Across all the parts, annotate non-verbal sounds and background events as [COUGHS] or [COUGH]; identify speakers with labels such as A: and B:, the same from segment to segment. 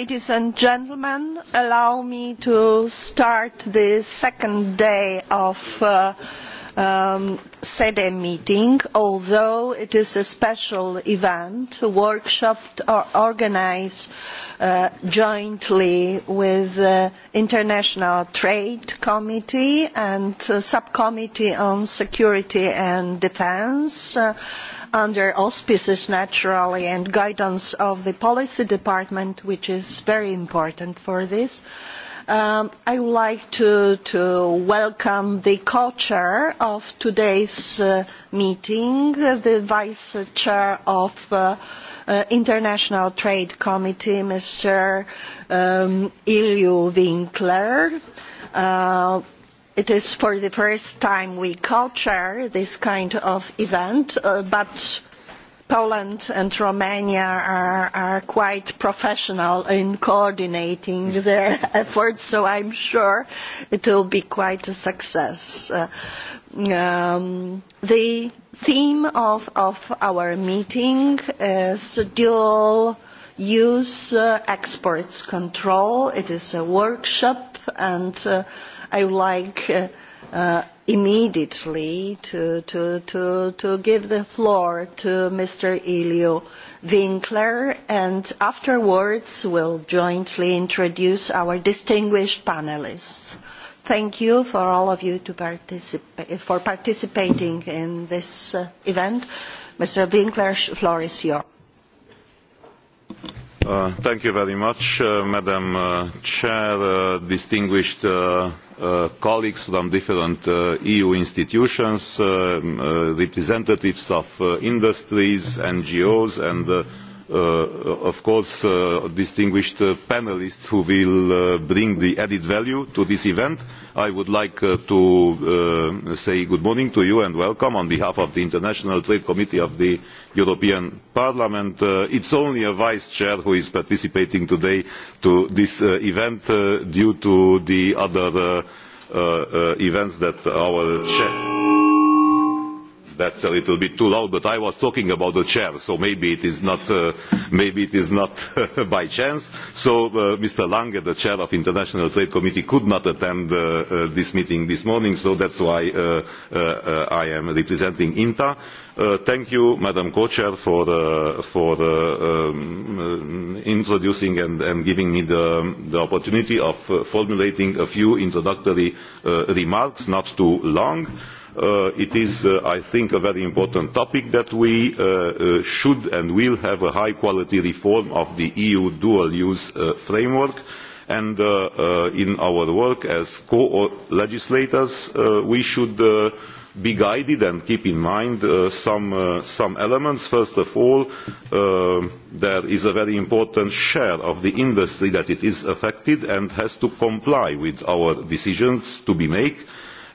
A: ladies and gentlemen allow me to start the second day of the uh, um, sede meeting although it is a special event a workshop organised uh, jointly with the uh, international trade committee and subcommittee on security and defence under auspices naturally and guidance of the policy department which is very important for this. Um, I would like to, welcome the co chair of today's uh, meeting, the Vice Chair of uh, uh, International Trade Committee, Mr um, Winkler uh, it is for the first time we co chair this kind of event uh, but poland and romania are, are quite professional in coordinating their [LAUGHS] efforts so I'm sure it will be quite a success. Uh, um, the theme of, our meeting is dual use uh, exports control. it is a workshop and i would like uh, uh, immediately to, to, to, to give the floor to Mr. Elio Winkler and afterwards we'll jointly introduce our distinguished panelists. Thank you for all of you to for participating in this uh, event. Mr. Winkler, the floor is yours.
B: thank you very much, uh, Madam uh, Chair, distinguished Uh, colleagues from different uh, eu institutions uh, representatives of industries ngos and Uh, of course uh, distinguished uh, panelists who will bring the added value to this event. I would like to say good morning to you and welcome on behalf of the International Trade Committee of the European Parliament. It is only a Vice Chair who is participating today to this event due to the other events that our chair that's a little bit too loud but i was talking about the chair so maybe it is not uh, maybe it is not [LAUGHS] by chance so uh, mr lange the chair of the international trade committee could not attend uh, this meeting this morning so that's why i am representing inta thank you madam co chair for for um, introducing and, giving me the opportunity of formulating a few introductory remarks not too long Uh, it is uh, i think a very important topic that we uh, should and will have a high quality reform of the eu dual use framework and in our work as co legislators we should be guided and keep in mind some, elements. first of all there is a very important share of the industry that is affected and has to comply with our decisions to be made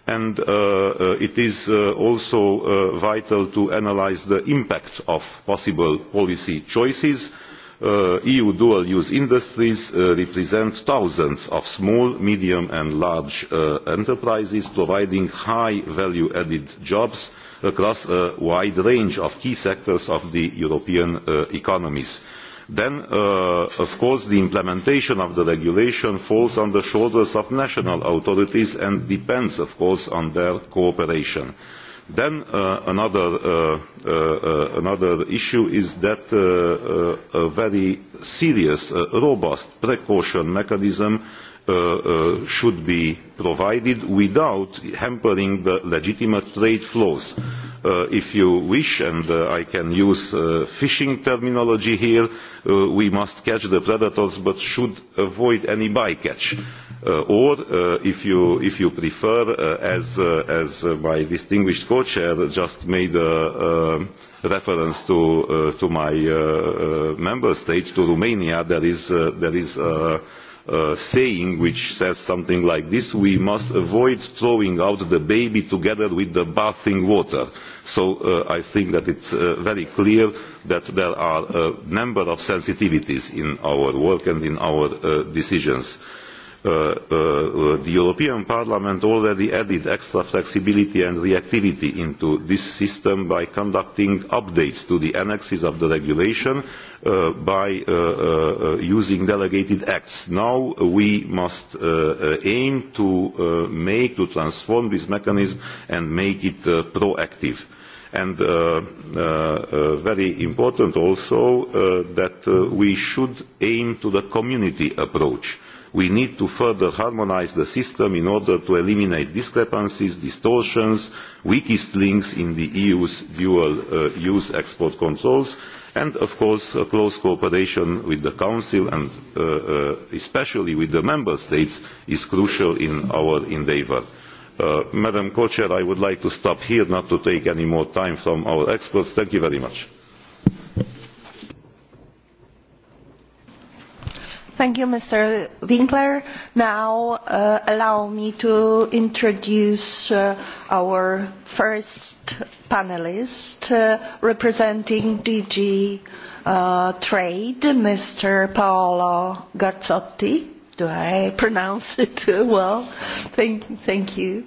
B: and uh, uh, it is uh, also vital to analyse the impact of possible policy choices. eu dual use industries represent thousands of small medium and large enterprises providing high value added jobs across a wide range of key sectors of the european economies then uh, of course the implementation of the regulation falls on the shoulders of national authorities and depends of course on their cooperation. then uh, uh, another issue is that a very serious robust precaution mechanism Uh, uh, should be provided without hampering the legitimate trade flows. Uh, if you wish and i can use fishing terminology here we must catch the predators but should avoid any bycatch. or if, you, prefer as, my distinguished co chair just made a reference to, my member state to romania there is, there is Uh, saying which says something like this we must avoid throwing out the baby together with the bathing water. so uh, i think that it is uh, very clear that there are a number of sensitivities in our work and in our decisions. Uh, uh, the European Parliament already added extra flexibility and reactivity into this system by conducting updates to the annexes of the regulation uh, by using delegated acts. Now we must aim to make, to transform this mechanism and make it proactive and very important also that we should aim to the community approach we need to further harmonise the system in order to eliminate discrepancies distortions weakest links in the eu's dual uh, e use export controls and of course close cooperation with the council and uh, uh, especially with the member states is crucial in our endeavour. madam co chair i would like to stop here not to take any more time from our experts. thank you very much.
A: Thank you, Mr. Winkler. Now, uh, allow me to introduce uh, our first panelist uh, representing DG Trade, Mr. Paolo Garzotti. Do I pronounce it [LAUGHS] well? Thank, thank you.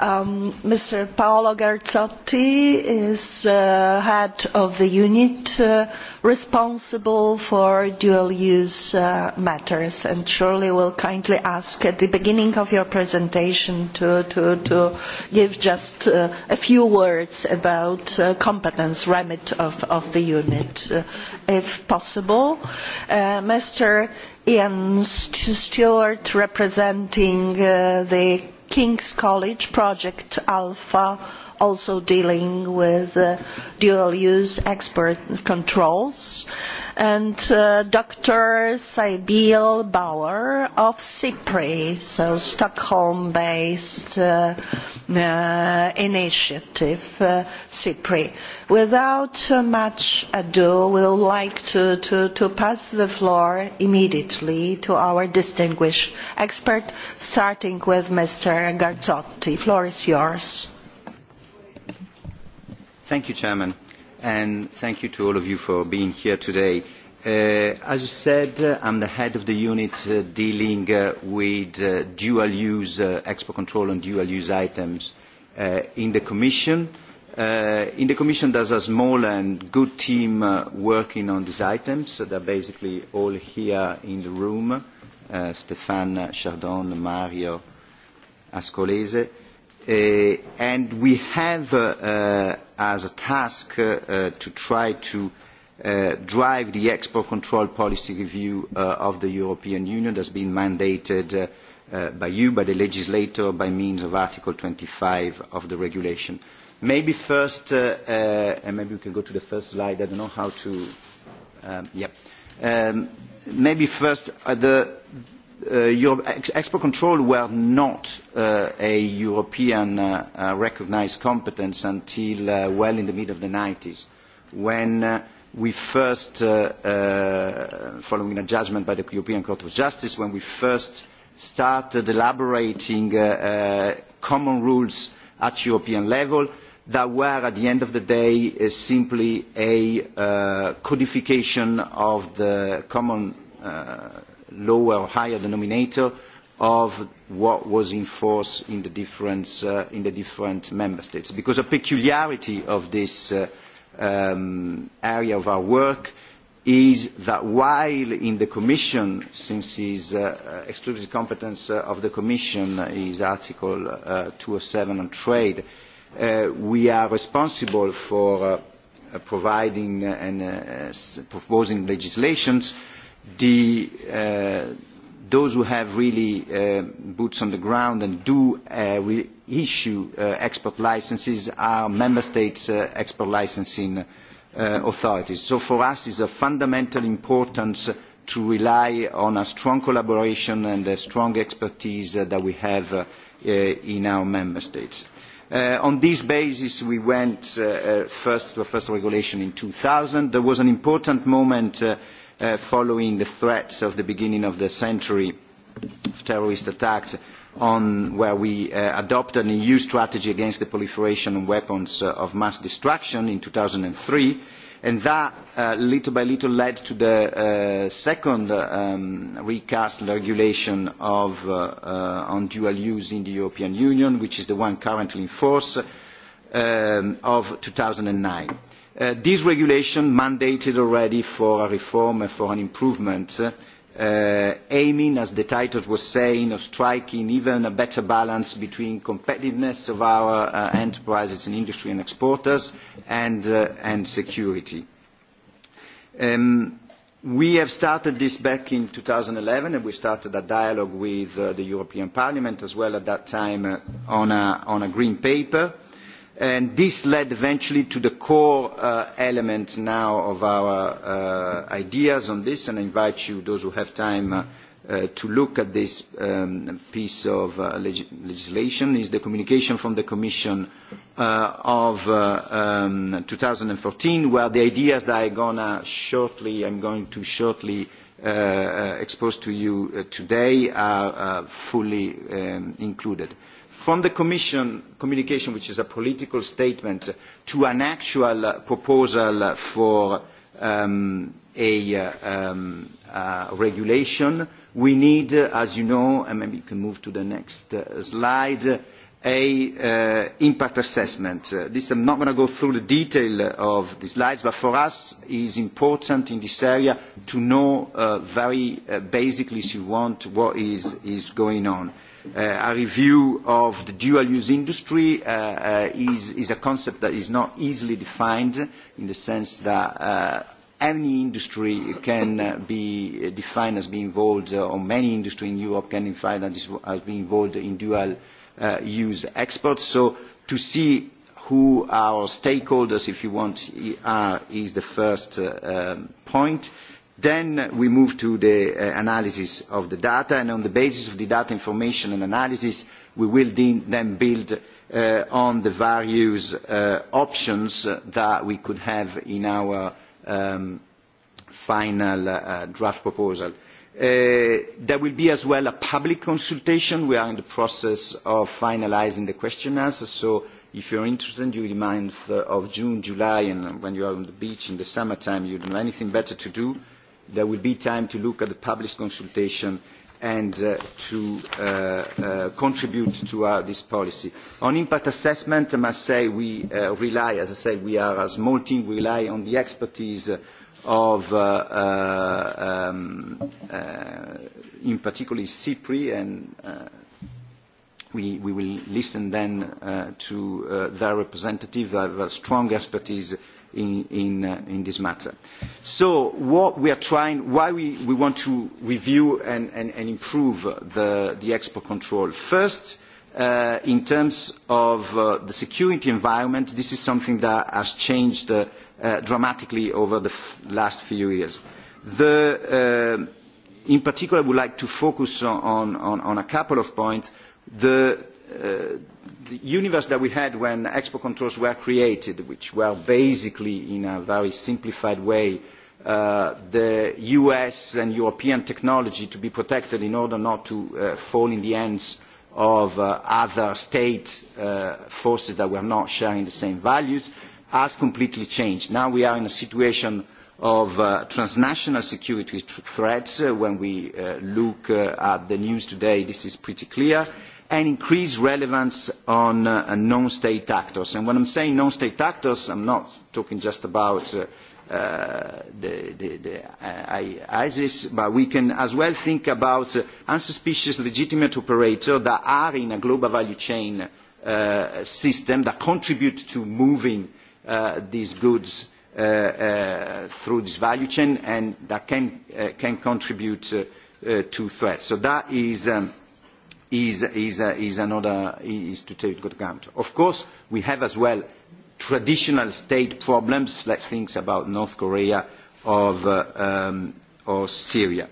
A: Mr. Um, Paolo Garzotti is uh, head of the unit uh, responsible for dual use uh, matters and surely will kindly ask at the beginning of your presentation to, give just a few words about the competence remit of the unit if possible. Mr. Ian Stewart representing the King's College Project Alpha also dealing with uh, dual use export controls and uh, Dr. Sybil Bauer of CIPRI, so Stockholm-based uh, uh, initiative, CIPRI. Without much ado, we would like to, to, pass the floor immediately to our distinguished expert, starting with Mr. Garzotti. The floor is yours.
C: Thank you, Chairman and thank you to all of you for being here today. Uh, as you said, uh, I'm the head of the unit uh, dealing uh, with dual-use export control and dual-use items in the Commission. In the Commission, there's a small and good team working on these items. So they're basically all here in the room, Stefan, Chardon, Mario, Ascolese. And we have as a task uh, uh, to try to uh, drive the export control policy review of the European Union that has been mandated by you, by the legislator, by means of Article 25 of the regulation. Maybe first, and maybe we can go to the first slide, I don't know how to... Um, yep. Um, maybe first, the Uh, export control were not uh, a European uh, recognised competence until well in the mid of the 90s, when we first, following a judgment by the European Court of Justice, when we first started elaborating common rules at European level that were at the end of the day simply a codification of the common lower or higher denominator of what was in force in the different, uh, in the different member states. Because a peculiarity of this uh, um, area of our work is that while in the Commission, since his uh, exclusive competence of the Commission is Article uh, 207 on trade, we are responsible for providing and proposing legislations, the, uh, those who have really uh, boots on the ground and do uh, issue export licenses are member states' export licensing authorities. so for us it is of fundamental importance to rely on a strong collaboration and a strong expertise that we have in our member states. on this basis we went first to the first regulation in 2000. there was an important moment uh, Uh, following the threats of the beginning of the century of terrorist attacks where we uh, adopted an EU strategy against the proliferation of weapons uh, of mass destruction in 2003 and that little by little led to the second um, recast regulation on dual use in the European Union, which is the one currently in force um, thousand of 2009 Uh, this regulation mandated already for a reform and for an improvement uh, uh, aiming as the title was saying of striking even a better balance between competitiveness of our enterprises and industry and exporters and, security. Um, we have started this back in 2011 and we started a dialogue with the European Parliament as well at that time on a green paper and this led eventually to the core uh, element now of our uh, ideas on this and I invite you, those who have time, uh, to look at this um, piece of legislation is the communication from the Commission of um, and 2014 where the ideas that I gonna shortly, I'm going to shortly expose to you today are fully um, included from the commission communication which is a political statement to an actual proposal for um, um, a regulation we need as you know and maybe you can move to the next uh, slide an uh, impact assessment. Uh, this, am not going to go through the detail of the slides, but for us it is important in this area to know uh, very basically, if you want, what is, going on. A review of the dual use industry is, is a concept that is not easily defined in the sense that any industry can be defined as being involved, or many industries in Europe can be defined as being involved in dual Uh, use experts. So to see who our stakeholders, if you want, are is the first uh, um, point. Then we move to the uh, analysis of the data and on the basis of the data information and analysis we will then build on the various options that we could have in our um, final draft proposal. Uh, there will be as well a public consultation. We are in the process of finalising the questionnaires, so if you are interested during uh, the months of June, July and when you are on the beach in the summer time you not have anything better to do, there will be time to look at the public consultation and uh, to contribute to this policy. On impact assessment, I must say we rely, as I said, we are a small team, we rely on the expertise of, uh, uh, um, uh, in particular, CIPRI, and uh, we, we will listen then uh, to uh, their representative that have a strong expertise in, in, uh, in this matter. So what we are trying, why we, we want to review and, and, and improve the, the export control. First, uh, in terms of uh, the security environment, this is something that has changed uh, Uh, dramatically over the last few years. The, uh, in particular, I would like to focus on, on, on a couple of points. The, uh, the universe that we had when export controls were created, which were basically in a very simplified way Uh, the us and european technology to be protected in order not to uh, fall in the hands of uh, other state forces that were not sharing the same values has completely changed. Now we are in a situation of uh, transnational security threats. Uh, when we uh, look at the news today, this is pretty clear, and increased relevance on non-state actors. And when I'm saying non-state actors, I I'm not talking just about the, ISIS, but we can as well think about unsuspicious legitimate operators that are in a global value chain system that contribute to moving Uh, these goods uh, uh, through this value chain and that can, can contribute to threats. So that is um, is, is, is another is to take into account. Of course, we have as well traditional state problems, like things about North Korea of, uh, um, or Syria.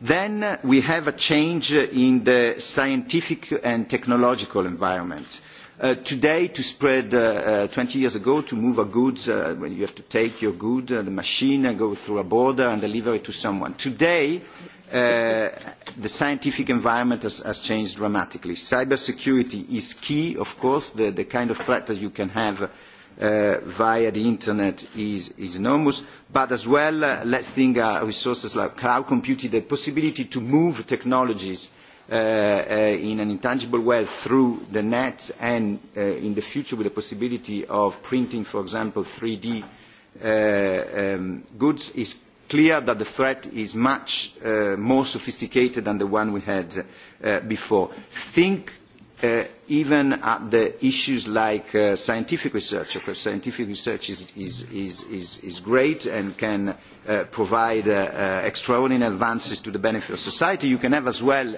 C: Then we have a change in the scientific and technological environment. Uh, today to spread uh, uh, twenty 20 years ago to move a goods when you have to take your goods, the machine and go through a border and deliver it to someone today the scientific environment has, changed dramatically cybersecurity is key of course the, kind of threat that you can have via the internet is, is enormous but as well let's think resources like cloud computing the possibility to move technologies Uh, uh, in an intangible way through the net and uh, in the future with the possibility of printing for example 3D um, goods, goods is clear that the threat is much more sophisticated than the one we had before. Think Uh, even at the issues like uh, scientific research, of scientific research is, is, is, is great and can uh, provide extraordinary advances to the benefit of society, you can have as well,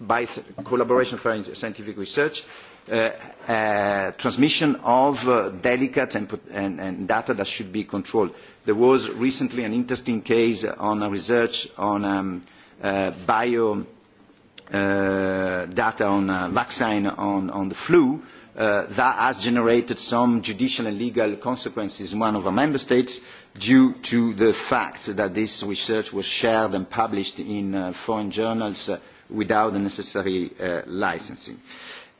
C: by collaboration for scientific research, transmission of delicate and, and, and data that should be controlled. There was recently an interesting case on a research on um, bio Uh, data on a uh, vaccine on, the flu uh, that has generated some judicial and legal consequences in one of our member states due to the fact that this research was shared and published in foreign journals without the necessary licensing.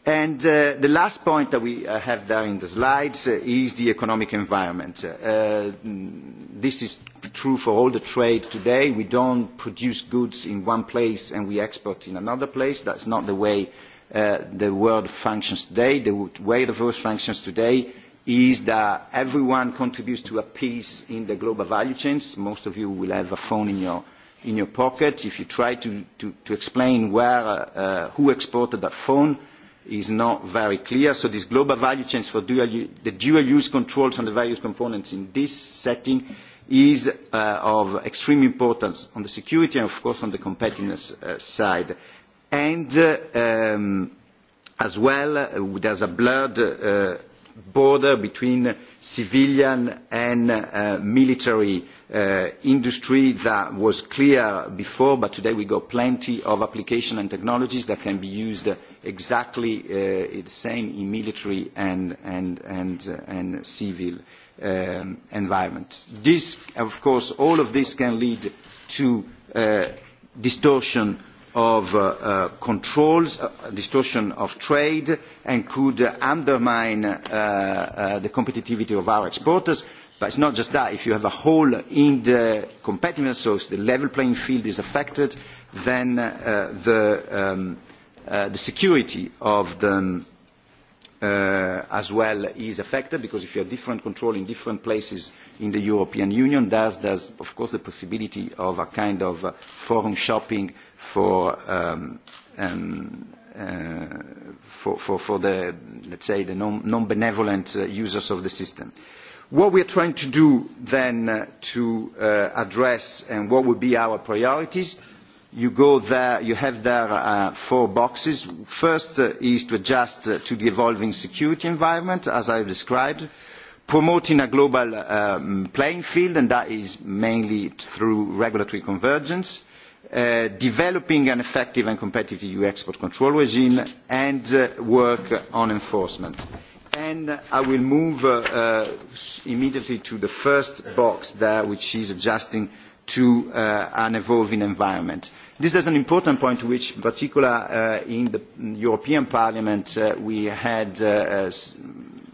C: And the last point that we have there in the slides is the economic environment. Mm, this is true for all the trade today. We don't produce goods in one place and we export in another place. That's not the way uh, the world functions today. The way the world functions today is that everyone contributes to a piece in the global value chains. Most of you will have a phone in your, in your pocket. If you try to, to, explain where, uh, uh, who exported that phone, is not very clear. So these global value chains for dual, the dual use controls on the various components in this setting is uh, of extreme importance on the security and of course on the competitiveness uh, side and uh, um, as well there is a blurred border between civilian and military industry that was clear before but today we have plenty of applications and technologies that can be used exactly the same in military and, and, and civil Um, environment. of course, all of this can lead to uh, distortion of uh, uh, controls, distortion of trade and could undermine the competitiveness of our exporters. But it's not just that. If you have a hole in the competitiveness, so the level playing field is affected, then um, the security of the Uh, as well is affected because if you have different control in different places in the European Union, there is of course the possibility of a kind of uh, forum shopping for, um, um uh, for, for, the, let's say, the non-benevolent users of the system. What we are trying to do then to address and what would be our priorities you go there you have there uh, four boxes first uh, is to adjust uh, to the evolving security environment as i have described promoting a global um, playing field and that is mainly through regulatory convergence uh, developing an effective and competitive eu export control regime and uh, work on enforcement and i will move uh, immediately to the first box there which is adjusting to uh, an evolving environment. This is an important point which, in particular, uh, in the European Parliament, uh, we had uh,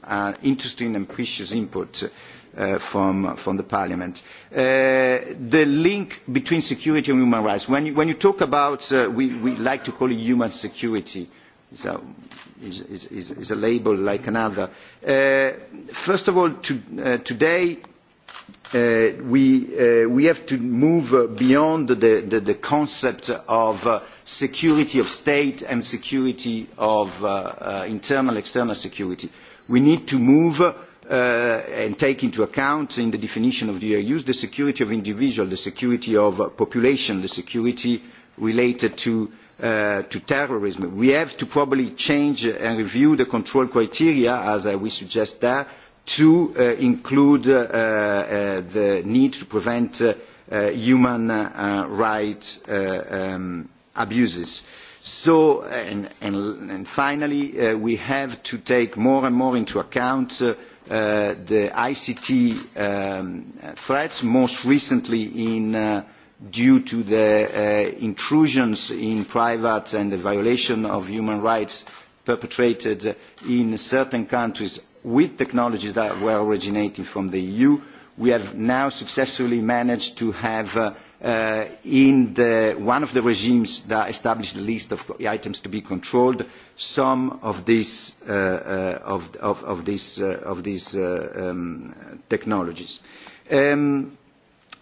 C: an interesting and precious input uh, from, from the Parliament. Uh, the link between security and human rights. When you, when you talk about, we, we like to call it human security, so is, is, is a label like another. First of all, to, today, Uh, uh, we, have to move uh, beyond the, concept of security of state and security of internal and external security. we need to move and take into account in the definition of the EU's the security of individuals, the security of population, the security related to, terrorism. We have to probably change and review the control criteria, as we suggest there, to uh, include uh, uh, the need to prevent human rights abuses. finally, we have to take more and more into account the ICT um, threats, most recently due to the intrusions in private and the violation of human rights perpetrated in certain countries with technologies that were originating from the EU, we have now successfully managed to have uh, uh, in the, one of the regimes that established the list of items to be controlled some of these, uh, of, of, these, of these um, technologies. Um,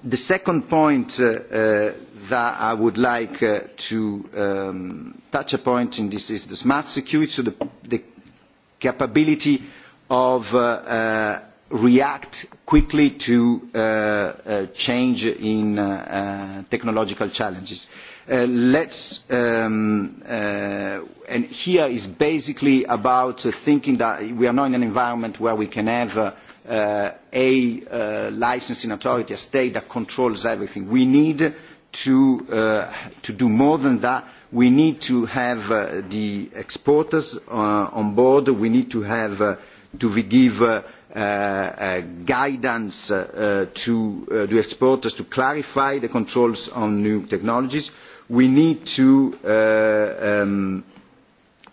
C: the second point that I would like to um, touch upon in this is the smart security, so the, the capability of uh, uh, react quickly to uh, change in technological challenges. let's um, here is basically about thinking that we are not in an environment where we can have a licensing authority, a state that controls everything. We need to, to do more than that. We need to have the exporters on board. We need to have to give guidance to the exporters to clarify the controls on new technologies. We need to uh, um,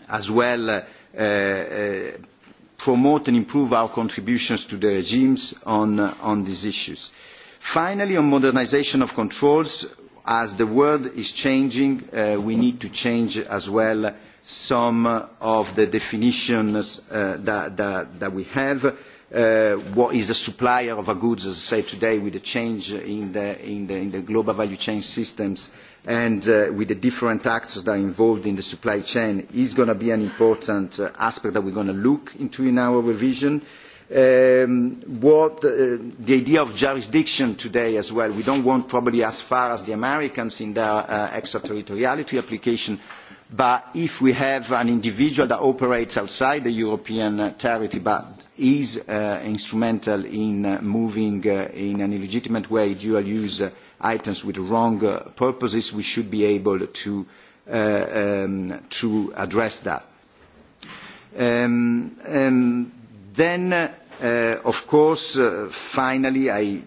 C: as well uh, uh, promote and improve our contributions to the regimes on, these issues. Finally, on modernisation of controls, as the world is changing, we need to change as well some of the definitions uh, that, that, that we have. Uh, what is a supplier of a goods, as I say today, with the change in the, in the, in the global value chain systems and uh, with the different actors that are involved in the supply chain is going to be an important uh, aspect that we are going to look into in our revision. Um, what uh, the idea of jurisdiction today as well we do want probably as far as the americans in their uh, extraterritoriality application but if we have an individual that operates outside the european territory but is uh, instrumental in uh, moving uh, in an illegitimate way dual use items with wrong purposes we should be able to, um, address that. Um, um, then of course finally i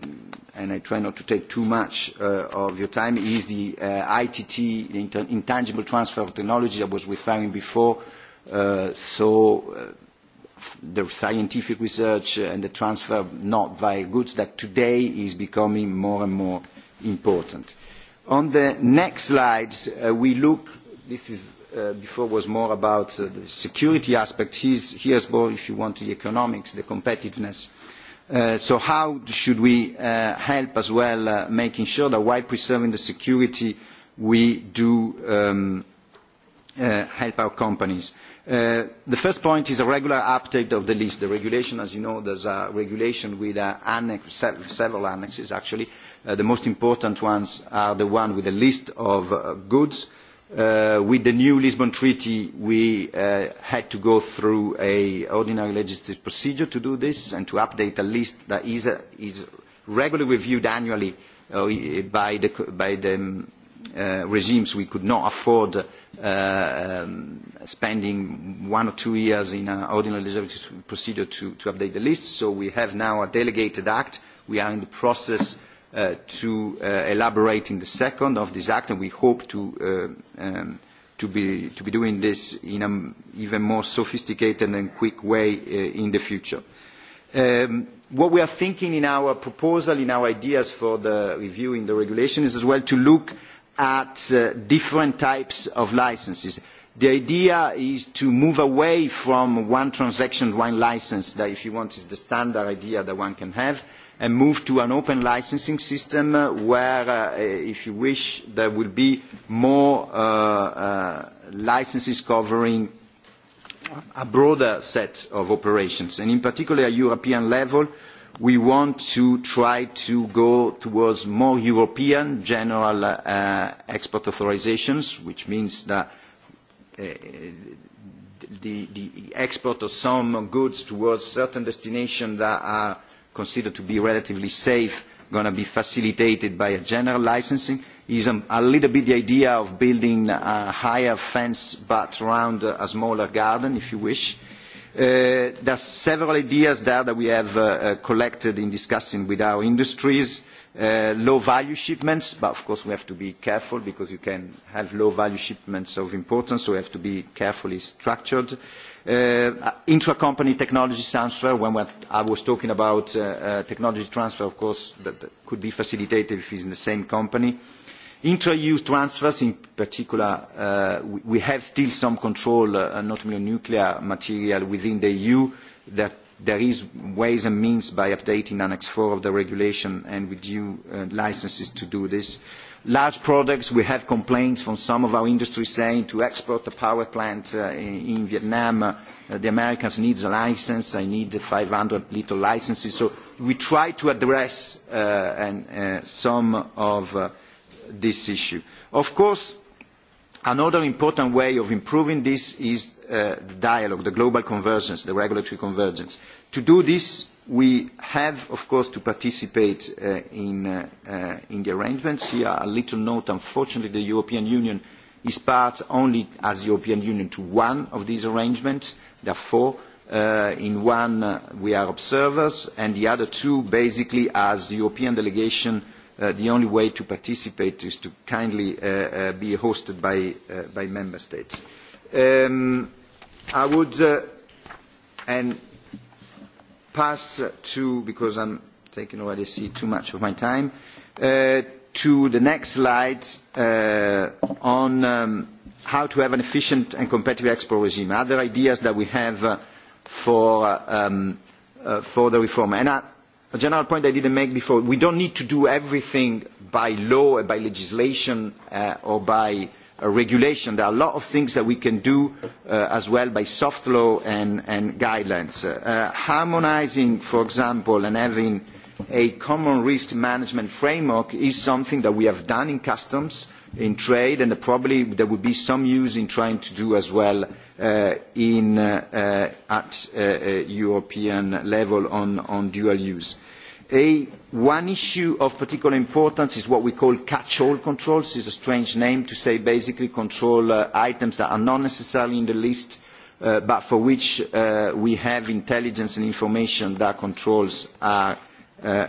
C: and I try not to take too much uh, of your time, is the uh, ITT, the intangible transfer of technology I was referring before. Uh, so uh, the scientific research and the transfer not via goods that today is becoming more and more important. On the next slides, uh, we look, this is Uh, before was more about uh, the security aspects. Here's more, if you want, the economics, the competitiveness Uh, so how should we uh, help as well uh, making sure that while preserving the security we do um, help our companies? the first point is a regular update of the list. the regulation as you know there is a regulation with several annexes actually. the most important ones are the one with a list of goods Uh, with the new lisbon treaty we uh, had to go through an ordinary legislative procedure to do this and to update a list that is, uh, regularly reviewed annually by the, um, regimes. we could not afford um, spending one or two years in an ordinary legislative procedure to update the list so we have now a delegated act. we are in the process Uh, to uh, elaborate in the second of this act and we hope to, uh, um, to, be, to be doing this in an even more sophisticated and quick way in the future. Um, what we are thinking in our proposal, in our ideas for the review in the regulation is as well to look at different types of licenses. The idea is to move away from one transaction, one license that if you want is the standard idea that one can have a move to an open licensing system uh, where uh, if you wish there will be more uh, licenses covering a broader set of operations and in particular at european level we want to try to go towards more european general export authorisations which means that the, the export of some goods towards certain destinations that are considered to be relatively safe going to be facilitated by a general licensing is um, a, little bit the idea of building a higher fence but around a smaller garden if you wish. Uh, there are several ideas there that we have uh, uh, collected in discussing with our industries. low value shipments, but of course we have to be careful because you can have low value shipments of importance, so we have to be carefully structured. Uh, intra company technology transfer when i was talking about uh, uh, technology transfer of course that could be facilitated if it is in the same company intra use transfers in particular we have still some control not only on nuclear material within the eu that there is ways and means by updating annex iv of the regulation and with due licences to do this large products we have complaints from some of our industries saying to export a power plant uh, in, vietnam uh, the americans need a license i need five hundred little licenses so we try to address uh, some of this issue. of course another important way of improving this is the dialogue the global convergence the regulatory convergence. to do this We have, of course, to participate uh, uh, uh, in, the arrangements. Here, a little note, unfortunately, the European Union is part only as the European Union to one of these arrangements. Therefore, in one we are observers, and the other two, basically, as the European delegation, the only way to participate is to kindly be hosted by, member states. Um, I would, and pass to, because am taking already too much of my time, uh, to the next slide uh, on um, how to have an efficient and competitive export regime, other ideas that we have uh, um, for, the reform. And a general point I didn't make before, we do don't need to do everything by law, by legislation, or by regulation. There are a lot of things that we can do uh, as well by soft law and, guidelines. Uh, Harmonising, for example, and having a common risk management framework is something that we have done in customs in trade and probably there would be some use in trying to do as well uh, at European level on, dual use. A one issue of particular importance is what we call catch all controls is a strange name to say basically control uh, items that are not necessarily in the list uh, but for which uh, we have intelligence and information that controls are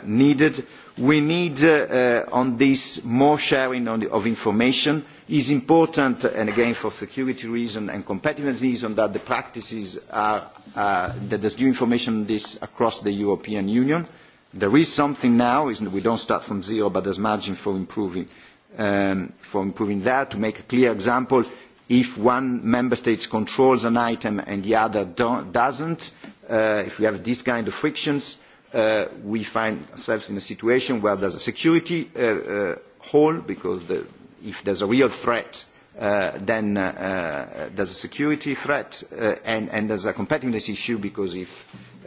C: needed. we need on this more sharing of information. it is important and again for security reasons and competitiveness reasons that the practices are that there is due information on this across the european union There is something now, isn't we don't start from zero, but there's margin for improving, um, that. To make a clear example, if one member state controls an item and the other doesn't, uh, if we have this kind of frictions, uh, we find ourselves in a situation where there's a security uh, hole, because if if there's a real threat, then there is there's a security threat and, and there's a competitiveness issue because if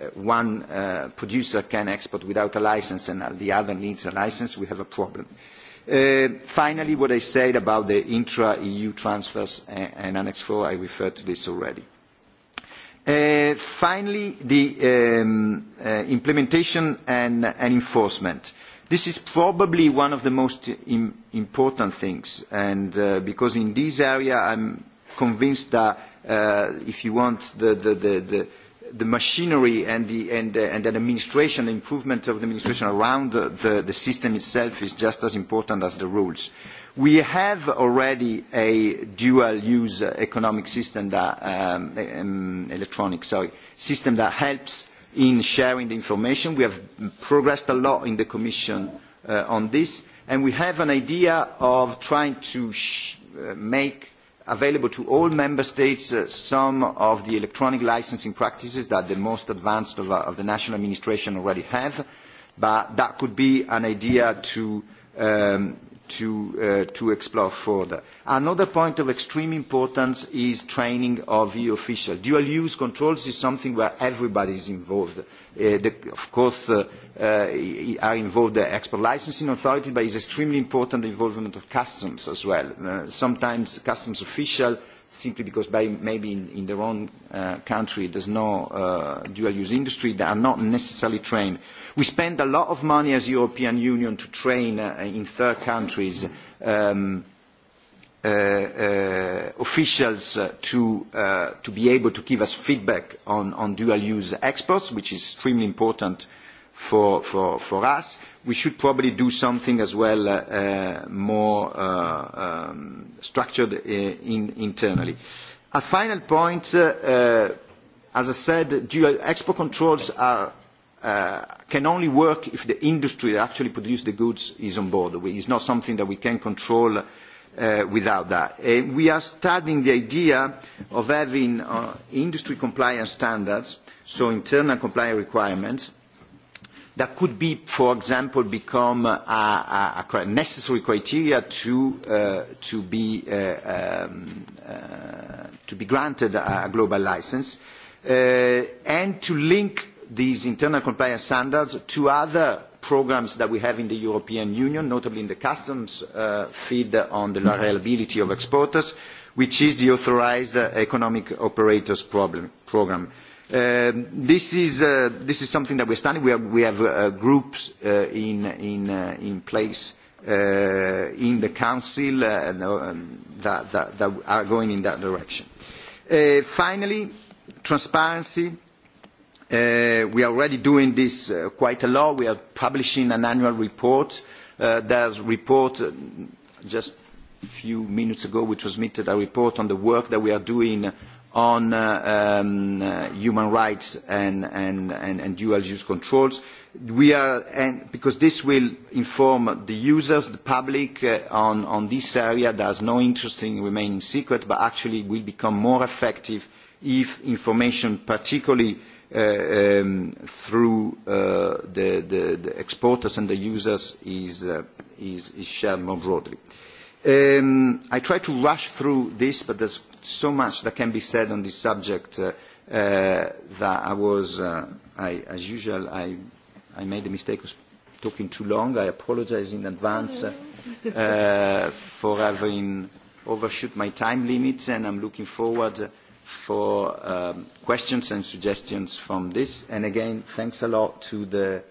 C: Uh, one uh, producer can export without a license and the other needs a license, we have a problem. Uh, finally, what I said about the intra-EU transfers and, Annex 4, I referred to this already. finally, the um, implementation and, enforcement. This is probably one of the most important things, and because in this area, I'm convinced that if you want the, the, the, the the machinery and the and, uh, and an administration, the improvement of the administration around the, the, the system itself is just as important as the rules. We have already a dual use economic system that um, electronic sorry system that helps in sharing the information. We have progressed a lot in the Commission uh, on this and we have an idea of trying to sh uh, make available to all member states uh, some of the electronic licensing practices that the most advanced uh, of, the national administration already have but that could be an idea to um, to, uh, to explore further. Another point of extreme importance is training of EU officials. Dual-use controls is something where everybody is involved. Uh, of course, uh, are involved the export licensing authority, but it is extremely important the involvement of customs as well. sometimes customs officials simply because by, maybe in, in their own uh, country there's no uh, dual-use industry they are not necessarily trained. We spend a lot of money as European Union to train uh, in third countries um, Uh, uh, officials uh, to, uh, to be able to give us feedback on, on dual use exports, which is extremely important for, for, us. We should probably do something as well uh, uh, more uh, um, structured internally. A final point, as I said, export controls can only work if the industry that actually produces the goods is on board. It's not something that we can control without that. We are studying the idea of having industry compliance standards, so internal compliance requirements, that could be for example become a, a necessary criteria to, uh, to, be, uh, um, uh, to be granted a global licence and to link these internal compliance standards to other programmes that we have in the european union notably in the customs field on the reliability of exporters which is the authorised economic operators programme. Um, uh, this is, something that we are standing. We have, uh, groups uh, in, place in the Council that, are going in that direction. Finally, transparency. we are already doing this quite a lot. We are publishing an annual report. a report just a few minutes ago which transmitted submitted a report on the work that we are doing on uh, um, uh, human rights and, dual use controls because this will inform the users the public uh, on, this area there is no interest in remaining secret but actually will become more effective if information particularly um, through the, exporters and the users is shared more broadly. Um, I try to rush through this, but there's so much that can be said on this subject uh, uh, that I was, uh, as usual, I, made the mistake of talking too long. I apologize in advance [LAUGHS] for having overshoot my time limits, and I'm looking forward for um, questions and suggestions from this. And again, thanks a lot to the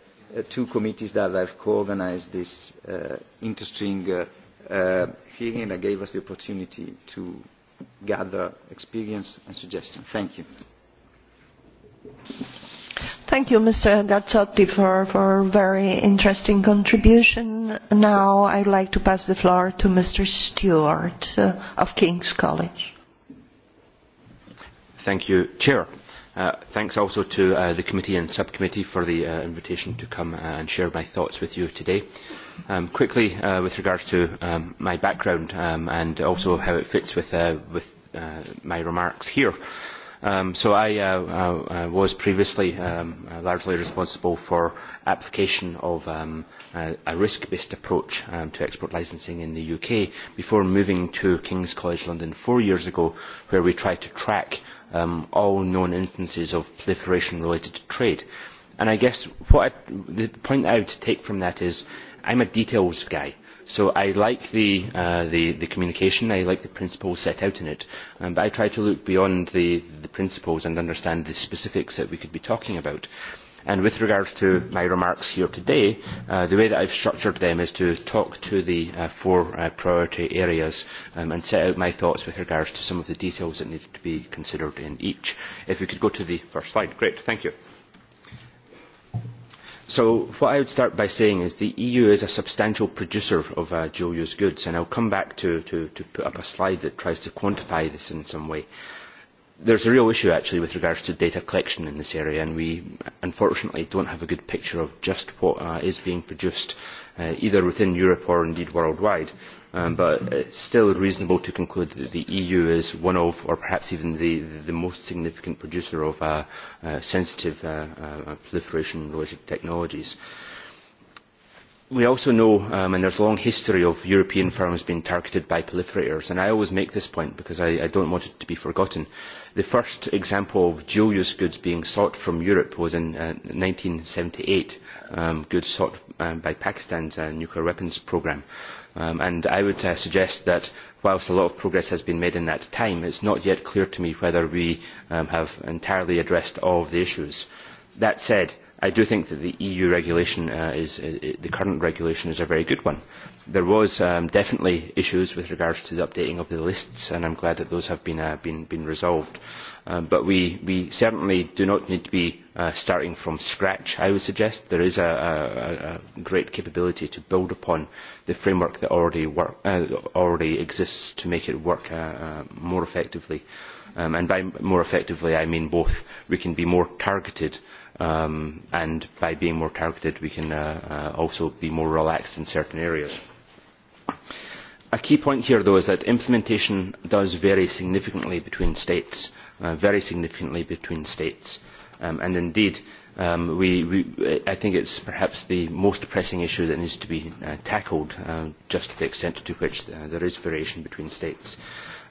C: two committees that have co-organized this interesting hearing that gave us the opportunity to gather experience and suggestions. Thank you.
A: Thank you, Mr. Garzotti, for, for a very interesting contribution. Now I would like to pass the floor to Mr. Stewart uh, of King's College.
D: Thank you, Chair. Uh, thanks also to uh, the committee and subcommittee for the uh, invitation to come uh, and share my thoughts with you today um, quickly uh, with regards to um, my background um, and also how it fits with, uh, uh, my remarks here. Um, so I was previously um, largely responsible for application of um, a, risk-based approach to export licensing in the UK before moving to King's College London four years ago where we tried to track all known instances of proliferation related to trade. And I guess what I, the point I would take from that is I'm a details guy. So I like the, uh, the, the communication, I like the principles set out in it, um, but I try to look beyond the, the principles and understand the specifics that we could be talking about. And with regards to my remarks here today, uh, the way that I've structured them is to talk to the uh, four priority areas um, and set out my thoughts with regards to some of the details that need to be considered in each. If we could go to the first slide. Great, thank you. So what I would start by saying is the EU is a substantial producer of uh, dual use goods and I'll come back to, put up a slide that tries to quantify this in some way. There is a real issue actually with regards to data collection in this area and we unfortunately don't have a good picture of just what uh, is being produced uh, either within Europe or indeed worldwide. But um, but it's still reasonable to conclude that the EU is one of, or perhaps even the, most significant producer of uh, uh, sensitive uh, proliferation-related technologies. We also know, and um, and there's a long history of European firms being targeted by proliferators, and I always make this point because I, I don't want it to be forgotten. The first example of dual-use goods being sought from Europe was in uh, 1978, eight um, goods sought by Pakistan's nuclear weapons programme. Um, and I would uh, suggest that whilst a lot of progress has been made in that time, it is not yet clear to me whether we um, have entirely addressed all of the issues. That said, I do think that the EU regulation uh, is, uh, the current regulation is a very good one. There was um, definitely issues with regards to the updating of the lists and I am glad that those have been, been resolved. Um, but we, we certainly do not need to be uh, starting from scratch, I would suggest. There is a, great capability to build upon the framework that already, uh, already exists to make it work uh, more effectively. Um, and by more effectively, I mean both. We can be more targeted, um, and by being more targeted, we can also be more relaxed in certain areas. A key point here, though, is that implementation does vary significantly between states uh, very significantly between states. Um, and indeed, um, we, we, I think it's perhaps the most pressing issue that needs to be uh, tackled, uh, just to the extent to which uh, there is variation between states.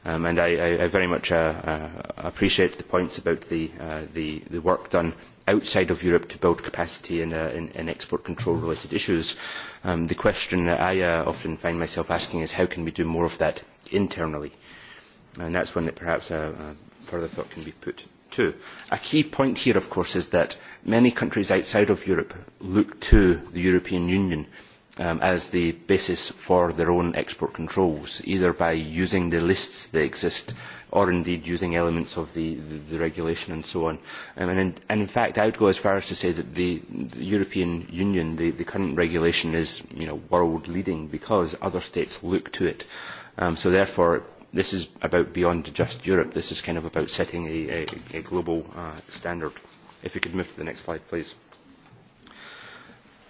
D: Um, and I, I very much uh, uh, appreciate the points about the, uh, the, the work done outside of Europe to build capacity in, uh, in, in export control related issues. Um, the question that I uh, often find myself asking is how can we do more of that internally? And that's one that perhaps uh, uh further thought can be put to. A key point here, of course, is that many countries outside of Europe look to the European Union um, as the basis for their own export controls, either by using the lists that exist or indeed using elements of the, regulation and so on. Um, and, in, fact, I would go as far as to say that the, European Union, the, current regulation is you know, world leading because other states look to it. Um, so therefore, this is about beyond just Europe. This is kind of about setting a, a, a global uh, standard. If you could move to the next slide, please.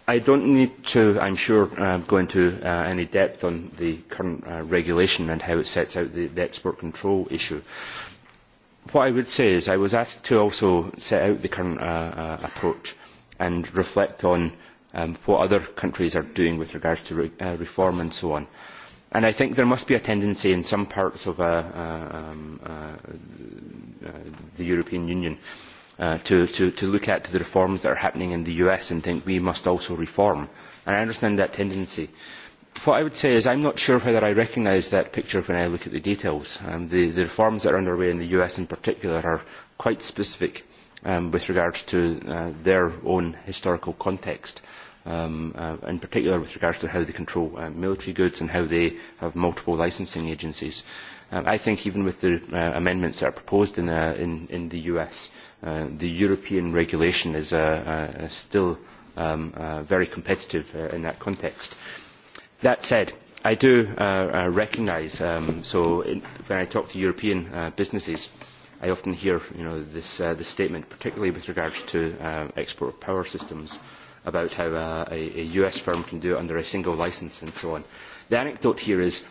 D: I don't need to, I'm sure, uh, go into uh, any depth on the current uh, regulation and how it sets out the, the export control issue. What I would say is I was asked to also set out the current uh, uh, approach and reflect on um, what other countries are doing with regards to re uh, reform and so on and i think there must be a tendency in some parts of uh, uh, um, uh, the european union to, to, to look at the reforms that are happening in the us and think we must also reform and i understand that tendency. what i would say is i am not sure whether i recognise that picture when i look at the details. Um, the, reforms that are underway in the us in particular are quite specific um, with regard to their own historical context um, uh, in particular with regards to how they control uh, military goods and how they have multiple licensing agencies. Um, I think even with the uh, amendments that are proposed in, uh, in, in the US, uh, the European regulation is uh, uh, still um, uh, very competitive uh, in that context. That said, I do uh, uh, recognise, um, so in, when I talk to European uh, businesses, I often hear you know, this, uh, this statement, particularly with regards to uh, export of power systems, about how a, US firm can do it under a single license and so on. The anecdote here is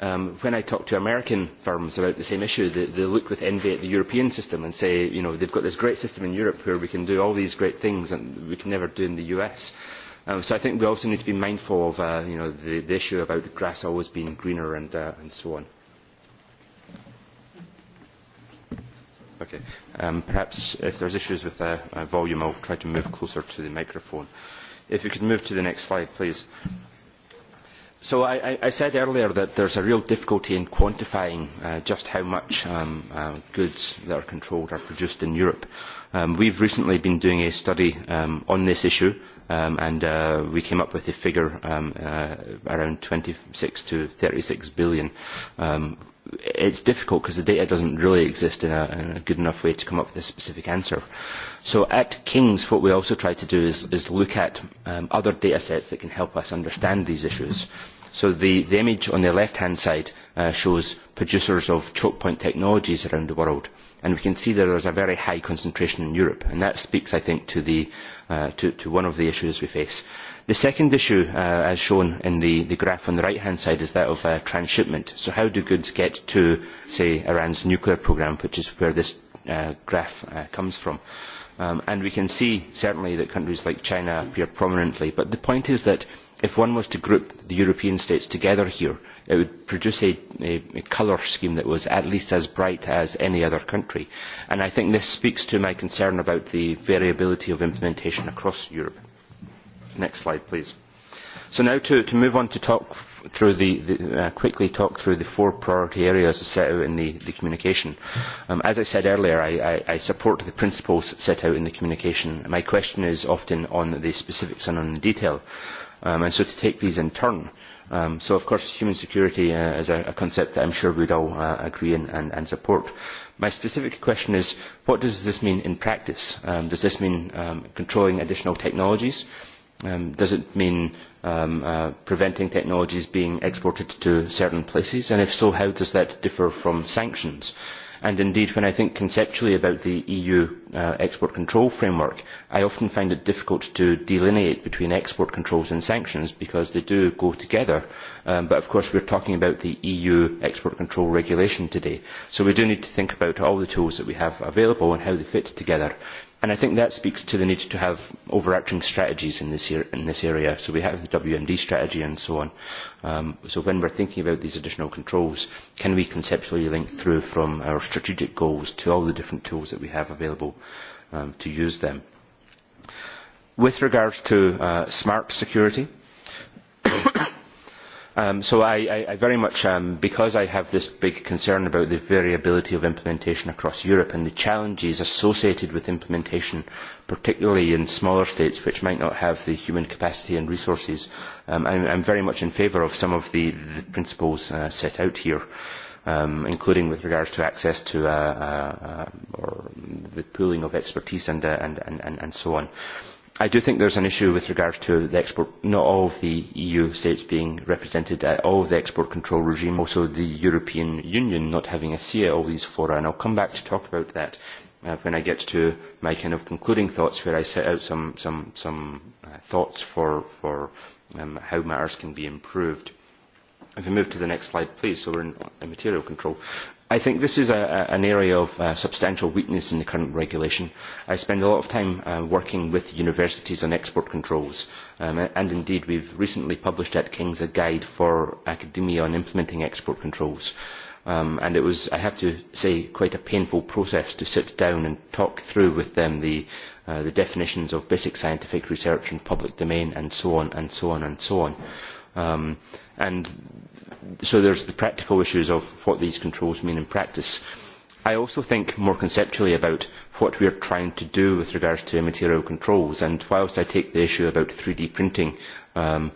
D: um, when I talk to American firms about the same issue, they, look with envy at the European system and say, you know, they've got this great system in Europe where we can do all these great things and we can never do in the US. Um, so I think we also need to be mindful of uh, you know, the, issue about grass always being greener and uh, so on. Okay. Um, perhaps if there's issues with the uh, uh, volume, I'll try to move closer to the microphone. If you could move to the next slide, please. So I, I said earlier that there's a real difficulty in quantifying uh, just how much um, uh, goods that are controlled are produced in Europe. We um, we've recently been doing a study on this issue and we came up with a figure around 26 to 36 billion it's difficult because the data doesn't really exist in a, good enough way to come up with a specific answer. So at King's, what we also try to do is, is look at um, other data sets that can help us understand these issues. So the, the image on the left-hand side uh, shows producers of choke point technologies around the world. And we can see that there is a very high concentration in Europe. And that speaks, I think, to, the, uh, to, to one of the issues we face. The second issue, uh, as shown in the, graph on the right-hand side, is that of uh, transshipment. So how do goods get to, say, Iran's nuclear programme, which is where this uh, graph comes from? Um, and we can see, certainly, that countries like China appear prominently. But the point is that if one was to group the European states together here, it would produce a, a colour scheme that was at least as bright as any other country. And I think this speaks to my concern about the variability of implementation across Europe. Next slide, please. So now to, to move on to talk through the, uh, quickly talk through the four priority areas set out in the, communication. Um, as I said earlier, I, I, support the principles set out in the communication. My question is often on the specifics and on the detail. Um, and so to take these in turn. Um, so of course human security uh, is a, concept that I'm sure we'd all uh, agree and, support. My specific question is, what does this mean in practice? does this mean controlling additional technologies? um, it mean um, uh, preventing technologies being exported to certain places, and if so, how does that differ from sanctions? And indeed, when I think conceptually about the EU uh, export control framework, I often find it difficult to delineate between export controls and sanctions because they do go together. Um, but of course, we're talking about the EU export control regulation today. So we do need to think about all the tools that we have available and how they fit together And I think that speaks to the need to have overarching strategies in this, er in this area. So we have the WMD strategy and so on. Um, so when we're thinking about these additional controls, can we conceptually link through from our strategic goals to all the different tools that we have available um, to use them? With regards to uh, smart security, [COUGHS] [COUGHS] Um, so I, very much, um, because I have this big concern about the variability of implementation across Europe and the challenges associated with implementation, particularly in smaller states which might not have the human capacity and resources, I am um, very much in favour of some of the, principles uh, set out here. including with regards to access to uh, uh, or the pooling of expertise and so on. I do think there is an issue with regards to the export, not all of the EU states being represented at all of the export control regime, also the European Union not having a say at all these fora, and I'll come back to talk about that uh, when I get to my kind of concluding thoughts where I set out some, some, some uh, thoughts for, for um, how matters can be improved. If we move to the next slide, please, so we're in, in uh, material control. I think this is a, an area of uh, substantial weakness in the current regulation. I spend a lot of time uh, working with universities on export controls um, and indeed we've recently published at King's a guide for academia on implementing export controls. Um, and it was, I have to say, quite a painful process to sit down and talk through with them the, uh, the definitions of basic scientific research and public domain and so on and so on and so on. Um, and so there's the practical issues of what these controls mean in practice. I also think more conceptually about what we are trying to do with regards to material controls and whilst I take the issue about 3D printing, um,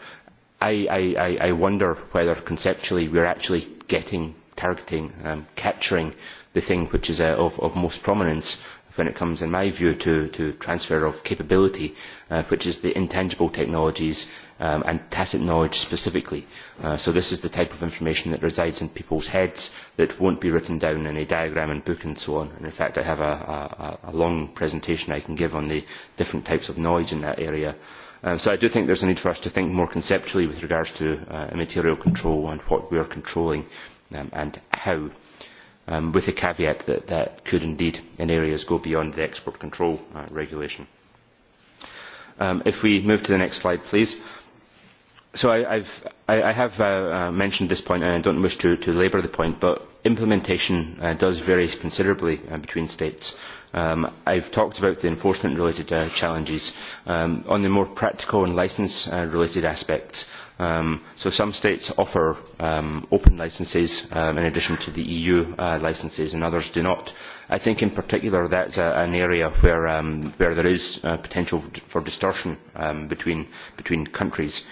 D: I, I, I wonder whether conceptually we are actually getting, targeting, um, capturing the thing which is uh, of most prominence when it comes, in my view, to, to transfer of capability, uh, which is the intangible technologies um, and tacit knowledge specifically. Uh, so this is the type of information that resides in people's heads that won't be written down in a diagram and book and so on. in fact, I have a, a, long presentation I can give on the different types of knowledge in that area. Um, so I do think there's a need for us to think more conceptually with regards to immaterial uh, control and what we are controlling um, and how um, with the caveat that that could indeed in areas go beyond the export control uh, regulation. Um, if we move to the next slide, please. So I, I've, I, I have uh, uh, mentioned this point, and I don't wish to, to labour the point, but implementation uh, does vary considerably uh, between states. Um, I've talked about the enforcement related uh, challenges. Um, on the more practical and licence uh, related aspects, Um, so some states offer um, open licences um, in addition to the EU uh, licences and others do not. I think in particular that's is an area where, um, where there is uh, potential for distortion um, between, between countries.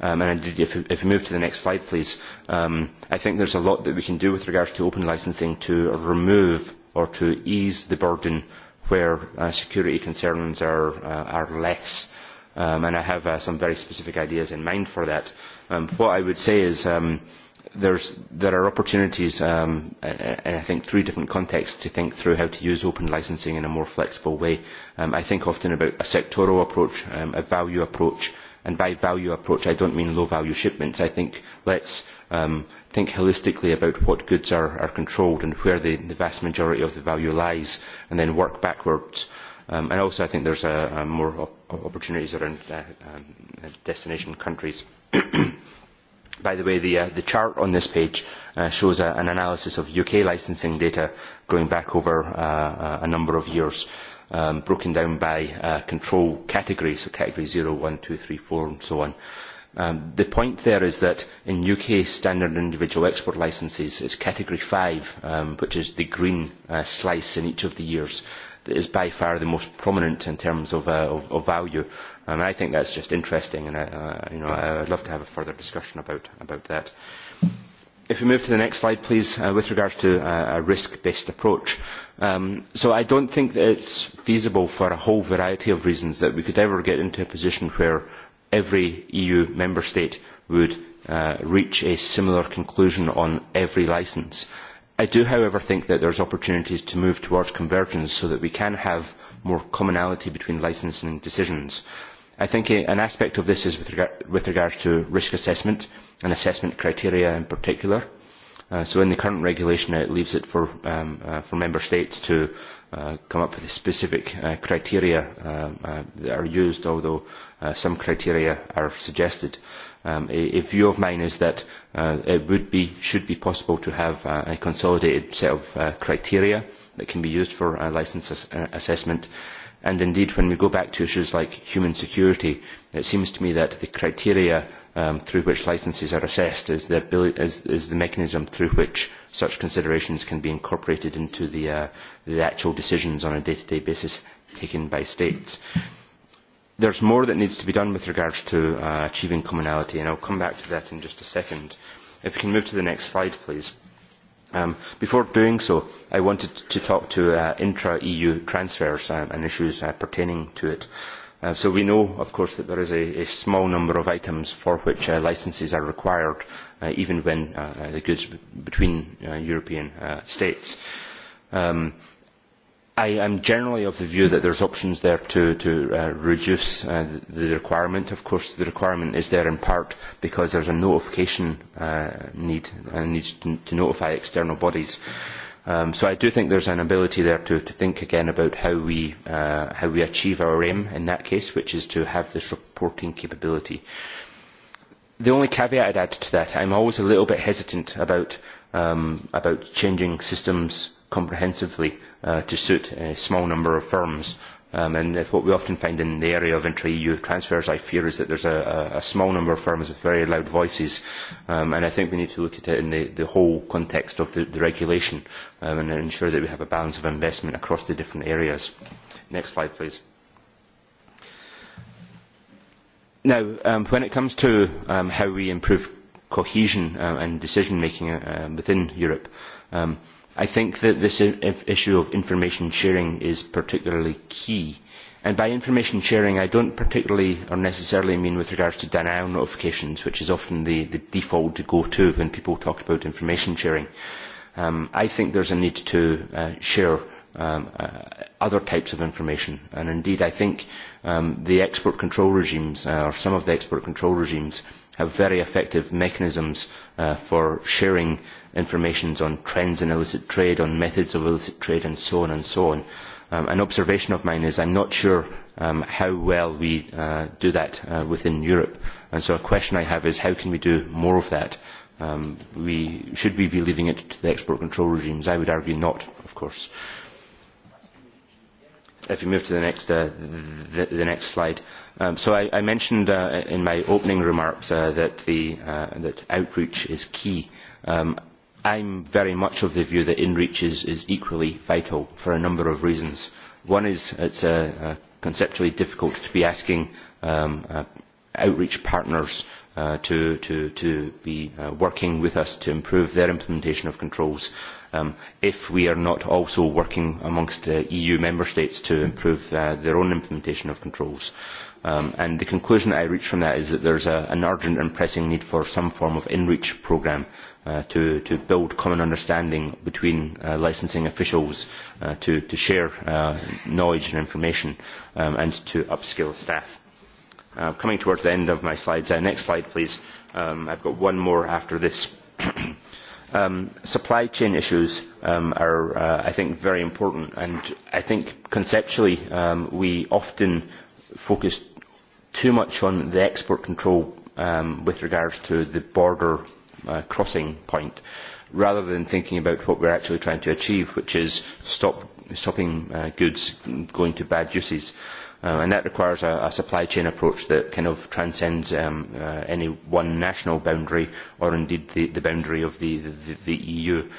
D: Um, if, we move to the next slide, please, I think there's a lot that we can do with regards to open licensing to remove or to ease the burden where uh, security concerns are, are less Um, and I have uh, some very specific ideas in mind for that. Um, what I would say is um, there's, there are opportunities, um, I think three different contexts, to think through how to use open licensing in a more flexible way. Um, I think often about a sectoral approach, a value approach, and by value approach I don't mean low value shipments. I think let's um, think holistically about what goods are, are controlled and where the vast majority of the value lies, and then work backwards. Um, and also I think there's are uh, uh, more opportunities around uh, um, destination countries. [CLEARS THROAT] By the way, the, chart on this page shows an analysis of UK licensing data going back over a number of years, um, broken down by control categories, so category zero, 1, 2, 3, 4, and so on. the point there is that in UK standard individual export licences, is category 5, which is the green slice in each of the years is by far the most prominent in terms of, uh, of, of value. Um, I think that's just interesting, and I, uh, you know, I'd love to have a further discussion about, about that. If we move to the next slide, please, uh, with regards to uh, a risk-based approach. Um, so I don't think that it's feasible for a whole variety of reasons that we could ever get into a position where every EU member state would uh, reach a similar conclusion on every licence. I do, however, think that there are opportunities to move towards convergence so that we can have more commonality between licensing decisions. I think an aspect of this is with, regard, to risk assessment and assessment criteria in particular. Uh, so in the current regulation it leaves it for, um, uh, member states to uh, come up with the specific criteria that are used, although some criteria are suggested. Um, a, view of mine is that uh, it would be, should be possible to have uh, a consolidated set of uh, criteria that can be used for licence assessment. And indeed, when we go back to issues like human security, it seems to me that the criteria um, through which licences are assessed is the, mechanism through which such considerations can be incorporated into the, actual decisions on a day to -day basis taken by states there's more that needs to be done with regards to uh, achieving commonality, and I'll come back to that in just a second. If we can move to the next slide, please. Um, before doing so, I wanted to talk to uh, intra-EU transfers uh, and issues uh, pertaining to it. Uh, so we know, of course, that there is a, a small number of items for which uh, licenses are required, uh, even when uh, uh the goods between uh, European uh, states. Um, i am generally of the view that there are options there to, uh, reduce uh, the requirement. Of course, the requirement is there in part because there is a notification uh, need and need to, notify external bodies. Um, so I do think there is an ability there to, think again about how we, how we achieve our aim in that case, which is to have this reporting capability. The only caveat would add to that, I am always a little bit hesitant about um, changing systems comprehensively uh, to suit a small number of firms. Um, and what we often find in the area of intra-EU transfers, I fear, is that there's a, a small number of firms with very loud voices. Um, and I think we need to look at it in the, the whole context of the, the regulation um, and ensure that we have a balance of investment across the different areas. Next slide, please. Now, um, when it comes to um, how we improve cohesion uh, and decision-making uh, within Europe, um, i think that this issue of information sharing is particularly key. And by information sharing, I don't particularly or necessarily mean with regards to denial notifications, which is often the, default to go to when people talk about information sharing. Um, I think there's a need to uh, share um, uh, other types of information. And indeed, I think um, the export control regimes, uh, or some of the export control regimes, have very effective mechanisms uh, for sharing information on trends in illicit trade, on methods of illicit trade and so on and so on. Um, an observation of mine is I'm not sure um, how well we uh, do that uh, within Europe. And so a question I have is how can we do more of that? Um, should we be leaving it to the export control regimes? I would argue not, of course if you move to the next, uh, the, the next slide. Um, so I, I mentioned uh, in my opening remarks uh, that, the, uh, that outreach is key. Um, I'm very much of the view that inreach is, is equally vital for a number of reasons. One is it's uh, uh, conceptually difficult to be asking um, uh, outreach partners uh, to, be uh, working with us to improve their implementation of controls um, if we are not also working amongst the EU member states to improve uh, their own implementation of controls. Um, and the conclusion I reach from that is that there is an urgent and pressing need for some form of in-reach programme to, build common understanding between licensing officials to, share knowledge and information um, and to upskill staff. Uh, coming towards the end of my slides, uh, next slide please. Um, I've got one more after this. [CLEARS THROAT] um, supply chain issues um, are, uh, I think, very important and I think conceptually um, we often focus too much on the export control um, with regards to the border uh, crossing point rather than thinking about what we're actually trying to achieve, which is stop, stopping uh, goods going to bad uses. Um, and that requires a, supply chain approach that kind of transcends um, uh, any one national boundary or indeed the, the boundary of the, the, EU. E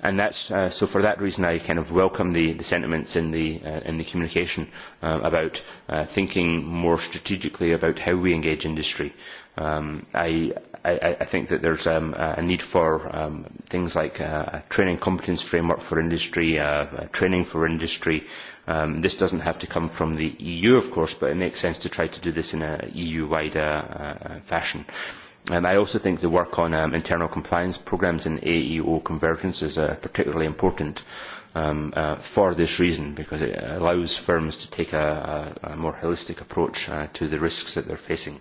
D: and that's, uh, so for that reason I kind of welcome the, sentiments in the, uh, in the communication about thinking more strategically about how we engage industry. Um, I, i, I think that there's is a need for things like a training competence framework for industry, training for industry, Um, this doesn't have to come from the EU, of course, but it makes sense to try to do this in an EU-wide uh, uh, fashion. Um, I also think the work on um, internal compliance programs and AEO convergence is uh, particularly important um, for this reason because it allows firms to take a, more holistic approach to the risks that they're facing.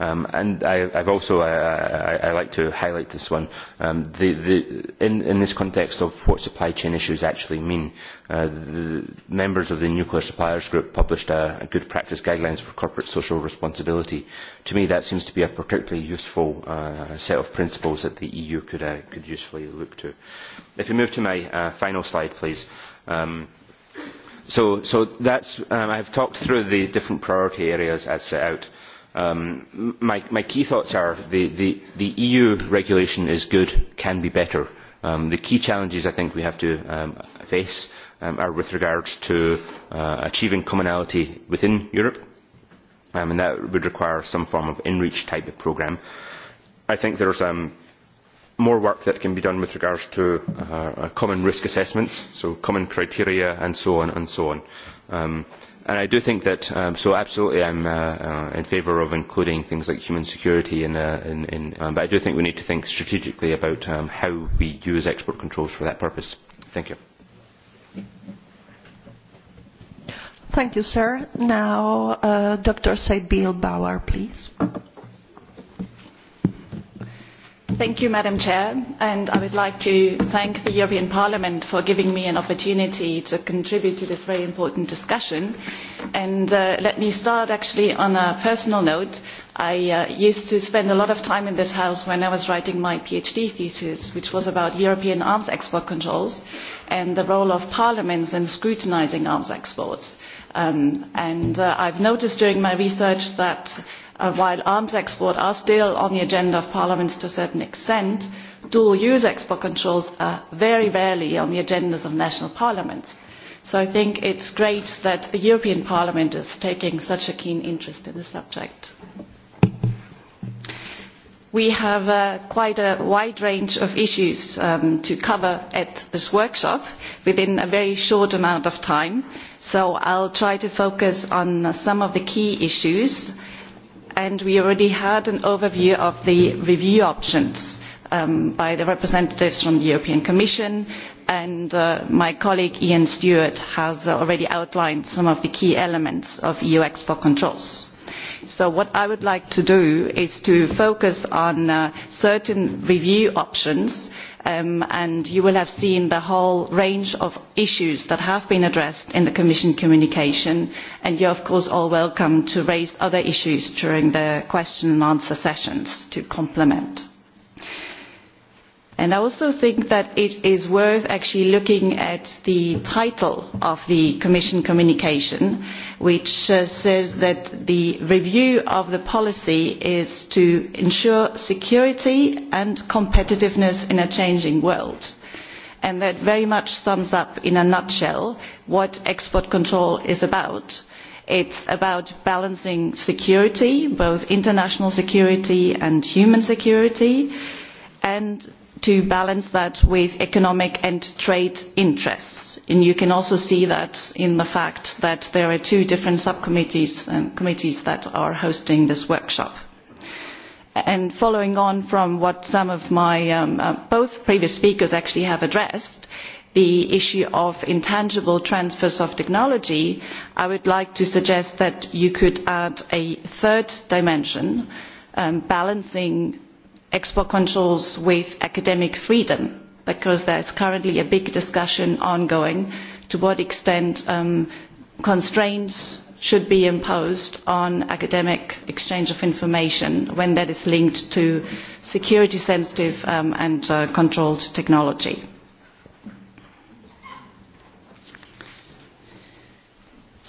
D: Um, and I, I've also, uh, I, like to highlight this one, um, in, this context of what supply chain issues actually mean. Uh, the members of the Nuclear Suppliers Group published a, good practice guidelines for corporate social responsibility. To me, that seems to be a particularly useful uh, set of principles that the EU could, usefully look to. If you move to my final slide, please. Um, so, so that's, talked through the different priority areas as set out. Um, my, my key thoughts are the, the, EU e regulation is good, can be better. Um, the key challenges I think we have to um, face are with regard to uh, achieving commonality within Europe, and that would require some form of in-reach type of programme. I think there is more work that can be done with regard to uh, common risk assessments, so common criteria and so on and so on and I do think that, um, so absolutely I am uh, uh, in favour of including things like human security, in, uh, in, in, um, but I do think we need to think strategically about um, how we use export controls for that purpose. Thank
A: you. Thank you, sir. Now, uh, Dr. Said Bauer, please.
E: Thank you, Madam Chair, and I would like to thank the European Parliament for giving me an opportunity to contribute to this very important discussion. And uh, let me start actually on a personal note. I uh, used to spend a lot of time in this House when I was writing my PhD thesis, which was about European arms export controls and the role of parliaments in scrutinising arms exports. Um, and uh, I've noticed during my research that while arms exports are still on the agenda of parliaments to a certain extent dual use export controls are very rarely on the agendas of national parliaments so i think it is great that the european parliament is taking such a keen interest in the subject. we have uh, quite a wide range of issues um, to cover at this workshop within a very short amount of time so i will try to focus on some of the key issues and we already had an overview of the review options um, by the representatives from the European Commission and uh, my colleague Ian Stewart has already outlined some of the key elements of EU export controls. So what I would like to do is to focus on uh, certain review options Um, and you will have seen the whole range of issues that have been addressed in the commission communication and you are of course all welcome to raise other issues during the question and answer sessions to complement. And I also think that it is worth actually looking at the title of the Commission communication, which uh, says that the review of the policy is to ensure security and competitiveness in a changing world. And that very much sums up in a nutshell what export control is about. It is about balancing security, both international security and human security, and to balance that with economic and trade interests and you can also see that in the fact that there are two different subcommittees and um, committees that are hosting this workshop and following on from what some of my um, uh, both previous speakers actually have addressed the issue of intangible transfers of technology i would like to suggest that you could add a third dimension um, balancing export controls with academic freedom because there is currently a big discussion ongoing to what extent um, constraints should be imposed on academic exchange of information when that is linked to security sensitive um, and uh, controlled technology.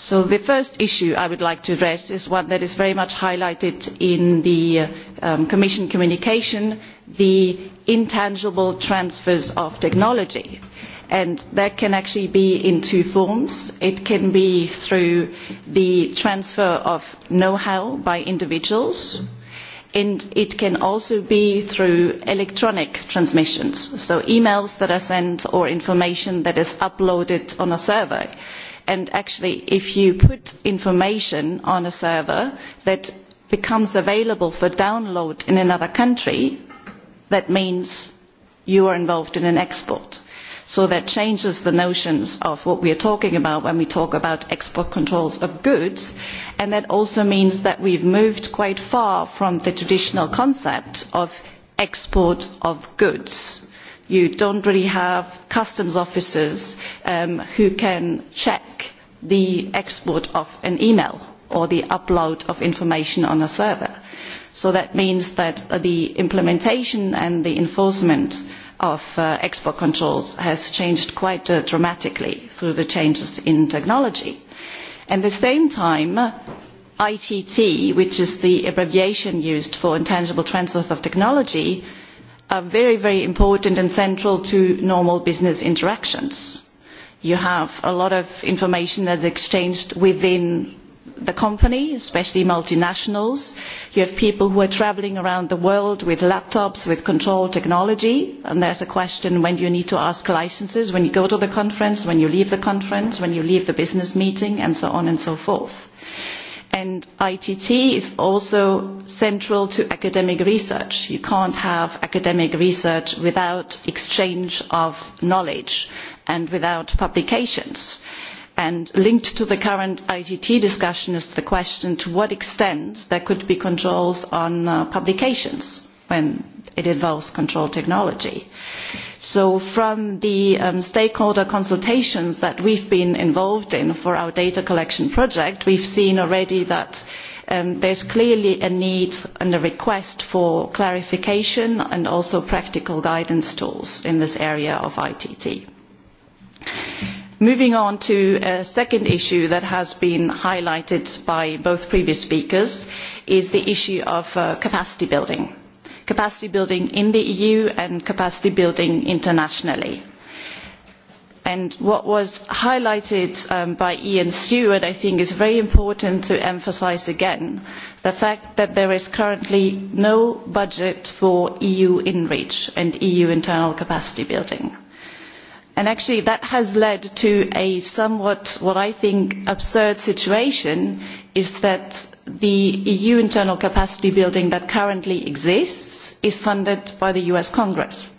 E: So the first issue I would like to address is one that is very much highlighted in the um, Commission communication, the intangible transfers of technology. And that can actually be in two forms. It can be through the transfer of know-how by individuals, and it can also be through electronic transmissions, so emails that are sent or information that is uploaded on a server and actually if you put information on a server that becomes available for download in another country that means you are involved in an export so that changes the notions of what we are talking about when we talk about export controls of goods and that also means that we have moved quite far from the traditional concept of export of goods you do not really have customs officers um, who can check the export of an email or the upload of information on a server. so that means that the implementation and the enforcement of uh, export controls has changed quite uh, dramatically through the changes in technology. At the same time, ITT, which is the abbreviation used for intangible transfers of technology, are very very important and central to normal business interactions. you have a lot of information that is exchanged within the company especially multinationals you have people who are travelling around the world with laptops with control technology and there is a question when you need to ask licences when you go to the conference when you leave the conference when you leave the business meeting and so on and so forth and itt is also central to academic research you cannot have academic research without exchange of knowledge and without publications and linked to the current itt discussion is the question to what extent there could be controls on uh, publications when it involves control technology so from the um, stakeholder consultations that we've been involved in for our data collection project we've seen already that there um, there's clearly a need and a request for clarification and also practical guidance tools in this area of ITT moving on to a second issue that has been highlighted by both previous speakers is the issue of uh, capacity building capacity building in the eu and capacity building internationally. what was highlighted um, by ian stewart i think is very important to emphasise again the fact that there is currently no budget for eu inreach and eu internal capacity building. And actually that has led to a somewhat what i think absurd situation is that the EU internal capacity building that currently exists is funded by the US Congress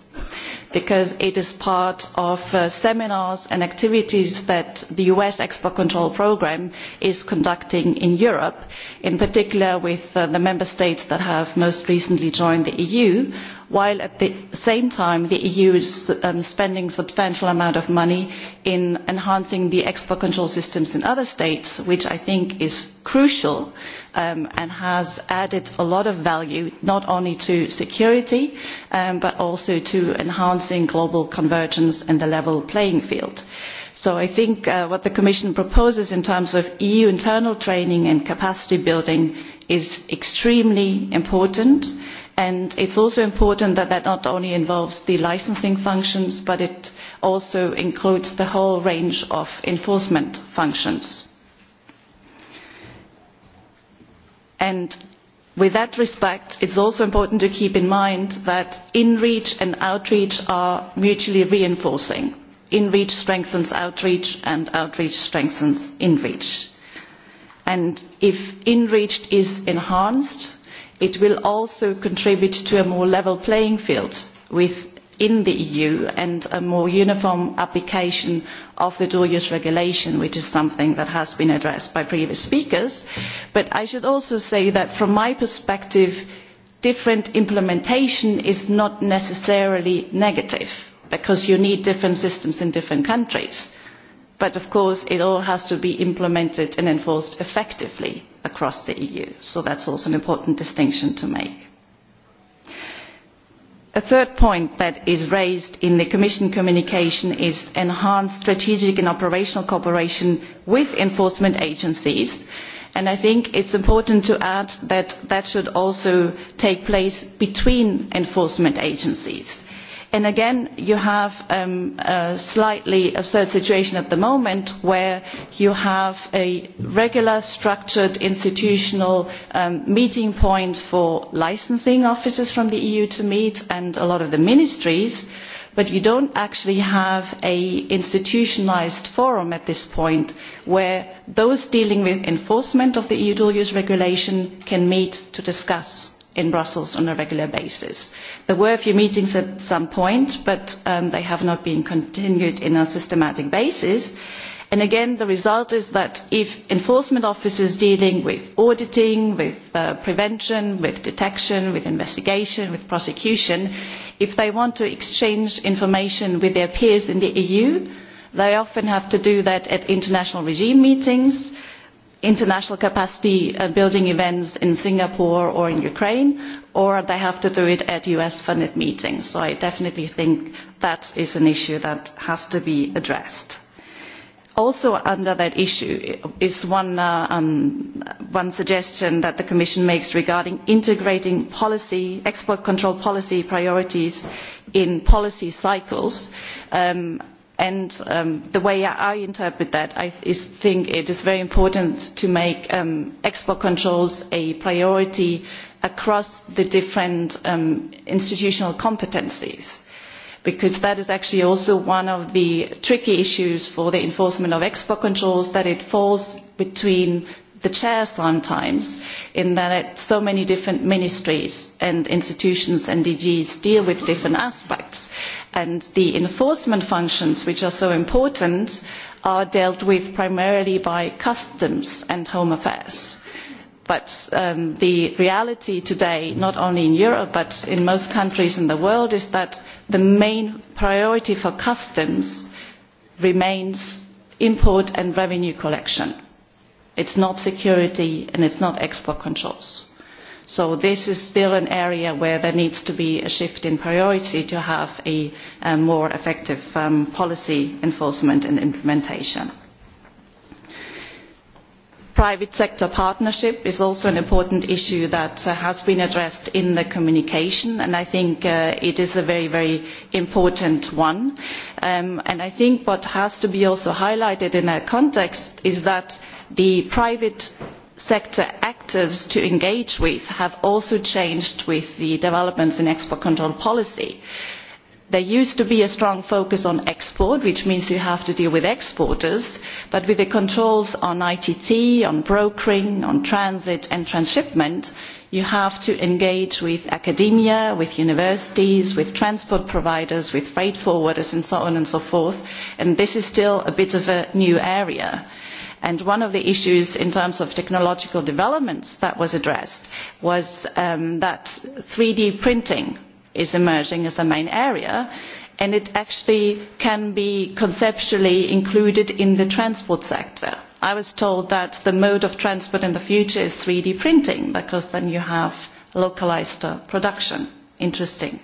E: because it is part of uh, seminars and activities that the US export control Programme is conducting in Europe in particular with uh, the member states that have most recently joined the EU while at the same time the eu is um, spending a substantial amount of money in enhancing the export control systems in other states which i think is crucial um, and has added a lot of value not only to security um, but also to enhancing global convergence and the level playing field so i think uh, what the commission proposes in terms of eu internal training and capacity building is extremely important and and it is also important that that not only involves the licensing functions but it also includes the whole range of enforcement functions. with that respect it is also important to keep in mind that in reach and outreach are mutually reinforcing in reach strengthens outreach and outreach strengthens in reach and if in reach is enhanced it will also contribute to a more level playing field within the eu and a more uniform application of the dual use regulation which is something that has been addressed by previous speakers. but i should also say that from my perspective different implementation is not necessarily negative because you need different systems in different countries but of course it all has to be implemented and enforced effectively across the EU. So that's also an important distinction to make. A third point that is raised in the Commission communication is enhanced strategic and operational cooperation with enforcement agencies. And I think it's important to add that that should also take place between enforcement agencies and again you have um, a slightly absurd situation at the moment where you have a regular structured institutional um, meeting point for licensing officers from the eu to meet and a lot of the ministries but you do not actually have an institutionalised forum at this point where those dealing with enforcement of the eu dual use regulation can meet to discuss in Brussels on a regular basis. There were a few meetings at some point, but um, they have not been continued in a systematic basis. And again, the result is that if enforcement officers dealing with auditing, with uh, prevention, with detection, with investigation, with prosecution, if they want to exchange information with their peers in the EU, they often have to do that at international regime meetings international capacity uh, building events in Singapore or in Ukraine, or they have to do it at US funded meetings. So I definitely think that is an issue that has to be addressed. Also under that issue is one, uh, um, suggestion that the Commission makes regarding integrating policy, export control policy priorities in policy cycles. Um, and um, the way i interpret that i think it is very important to make um, export controls a priority across the different um, institutional competencies because that is actually also one of the tricky issues for the enforcement of export controls that it falls between the chairs sometimes in that so many different ministries and institutions and dgs deal with different aspects and the enforcement functions which are so important are dealt with primarily by customs and home affairs but um, the reality today not only in europe but in most countries in the world is that the main priority for customs remains import and revenue collection. it is not security and it is not export controls. So this is still an area where there needs to be a shift in priority to have a, more effective um, policy enforcement and implementation. Private sector partnership is also an important issue that uh, has been addressed in the communication and I think uh, it is a very, very important one. Um, and I think what has to be also highlighted in that context is that the private sector actors to engage with have also changed with the developments in export control policy. There used to be a strong focus on export, which means you have to deal with exporters, but with the controls on ITT, on brokering, on transit and transshipment, you have to engage with academia, with universities, with transport providers, with freight forwarders and so on and so forth, and this is still a bit of a new area and one of the issues in terms of technological developments that was addressed was um, that 3d printing is emerging as a main area and it actually can be conceptually included in the transport sector i was told that the mode of transport in the future is 3d printing because then you have localized uh, production interesting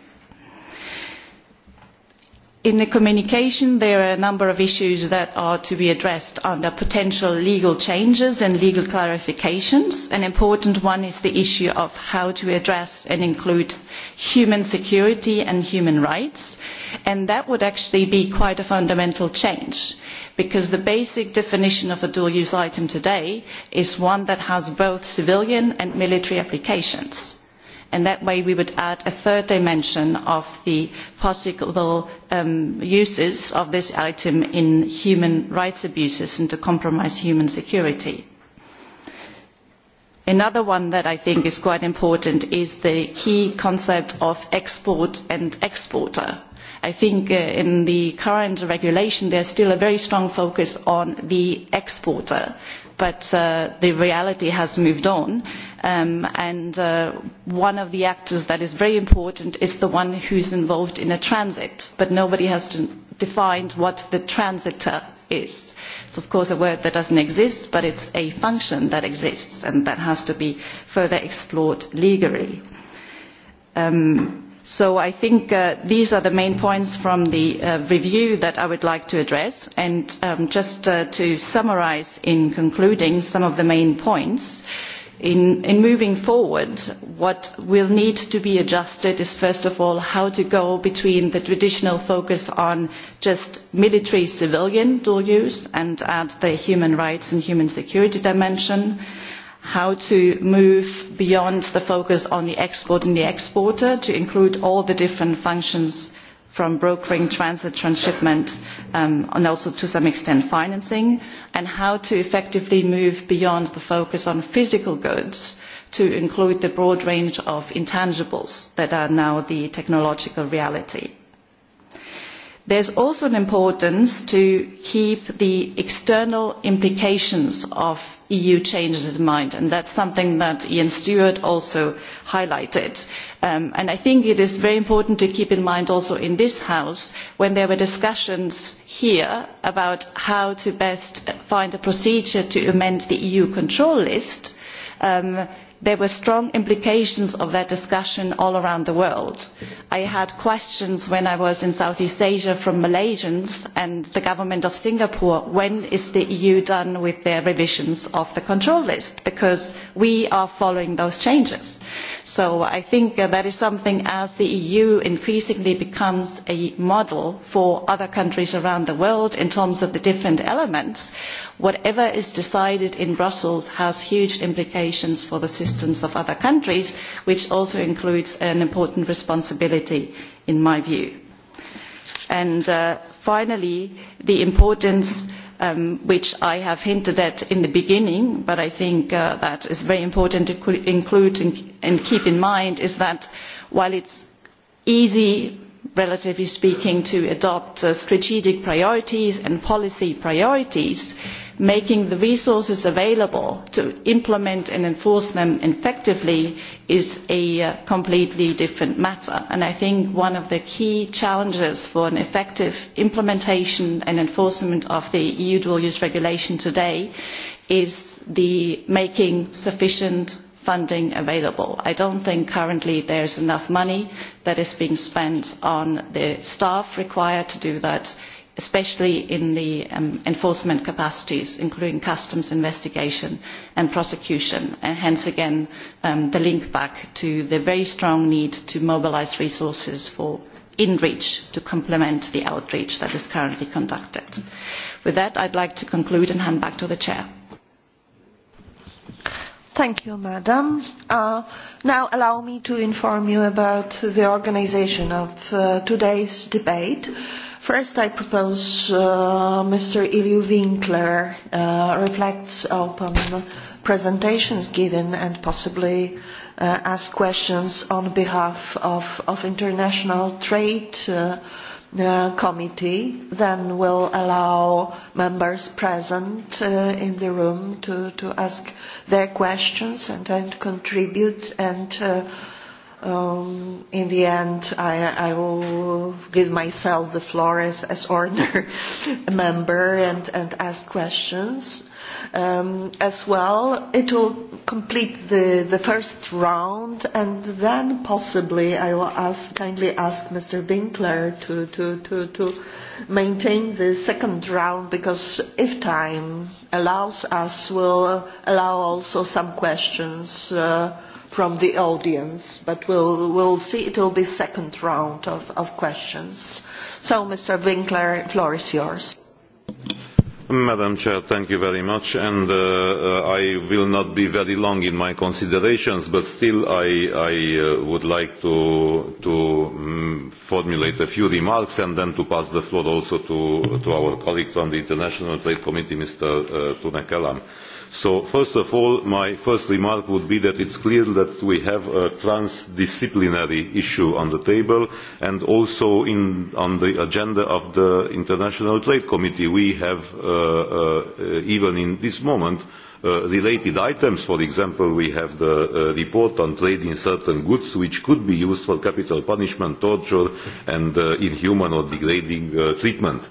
E: in the communication there are a number of issues that are to be addressed under potential legal changes and legal clarifications. an important one is the issue of how to address and include human security and human rights and that would actually be quite a fundamental change because the basic definition of a dual use item today is one that has both civilian and military applications and that way we would add a third dimension of the possible um, uses of this item in human rights abuses and to compromise human security. Another one that I think is quite important is the key concept of export and exporter i think uh, in the current regulation there is still a very strong focus on the exporter but uh, the reality has moved on um, and uh, one of the actors that is very important is the one who is involved in a transit but nobody has defined what the transitor is. it is of course a word that doesn't exist but it is a function that exists and that has to be further explored legally. Um, so i think uh, these are the main points from the uh, review that i would like to address and um, just uh, to summarise in concluding some of the main points in, in moving forward what will need to be adjusted is first of all how to go between the traditional focus on just military civilian dual use and add the human rights and human security dimension how to move beyond the focus on the export and the exporter to include all the different functions from brokering, transit, transshipment, um, and also to some extent financing, and how to effectively move beyond the focus on physical goods to include the broad range of intangibles that are now the technological reality there is also an importance to keep the external implications of eu changes in mind and that is something that ian stewart also highlighted. Um, and i think it is very important to keep in mind also in this house when there were discussions here about how to best find a procedure to amend the eu control list um, there were strong implications of that discussion all around the world. i had questions when i was in south east asia from malaysians and the government of singapore when is the eu done with their revisions of the control list because we are following those changes. so i think that is something as the eu increasingly becomes a model for other countries around the world in terms of the different elements whatever is decided in brussels has huge implications for the systems of other countries which also includes an important responsibility in my view. Uh, finally the importance um, which i have hinted at in the beginning but i think uh, that is very important to include and, keep in mind is that while it is easy relatively speaking to adopt uh, strategic priorities and policy priorities making the resources available to implement and enforce them effectively is a uh, completely different matter and i think one of the key challenges for an effective implementation and enforcement of the eu dual use regulation today is making sufficient funding available. I do not think currently there is enough money that is being spent on the staff required to do that especially in the um, enforcement capacities, including customs investigation and prosecution, and hence again um, the link back to the very strong need to mobilise resources for inreach to complement the outreach that is currently conducted. With that, I'd like to conclude and hand back to the Chair. Thank
A: you, Madam. Uh, now allow me to inform you about the organisation of uh, today's debate. First, I propose uh, Mr. Ilyu Winkler uh, reflects upon presentations given and possibly uh, ask questions on behalf of, of International Trade uh, uh, Committee. Then we'll allow members present uh, in the room to, to ask their questions and, and contribute and uh, Um, in the end, I, I will give myself the floor as, as ordinary [LAUGHS] member and, and ask questions. Um, as well, it will complete the, the first round, and then possibly I will ask, kindly ask Mr. Winkler to, to, to, to maintain the second round because if time allows us, we'll allow also some questions. Uh, from the audience, but we will see. It will be second round of, of questions. So, Mr. Winkler, the floor is yours.
B: Madam Chair, thank you very much, and uh, I will not be very long in my considerations, but still I, I uh, would like to, to mm, formulate a few remarks and then to pass the floor also to, to our colleague from the International Trade Committee, Mr. Uh, so first of all my first remark would be that it is clear that we have a transdisciplinary issue on the table and also on the agenda of the international trade committee we have uh, uh, even in this moment uh, related items for example we have the report on trade in certain goods which could be used for capital punishment torture and inhuman or degrading treatment.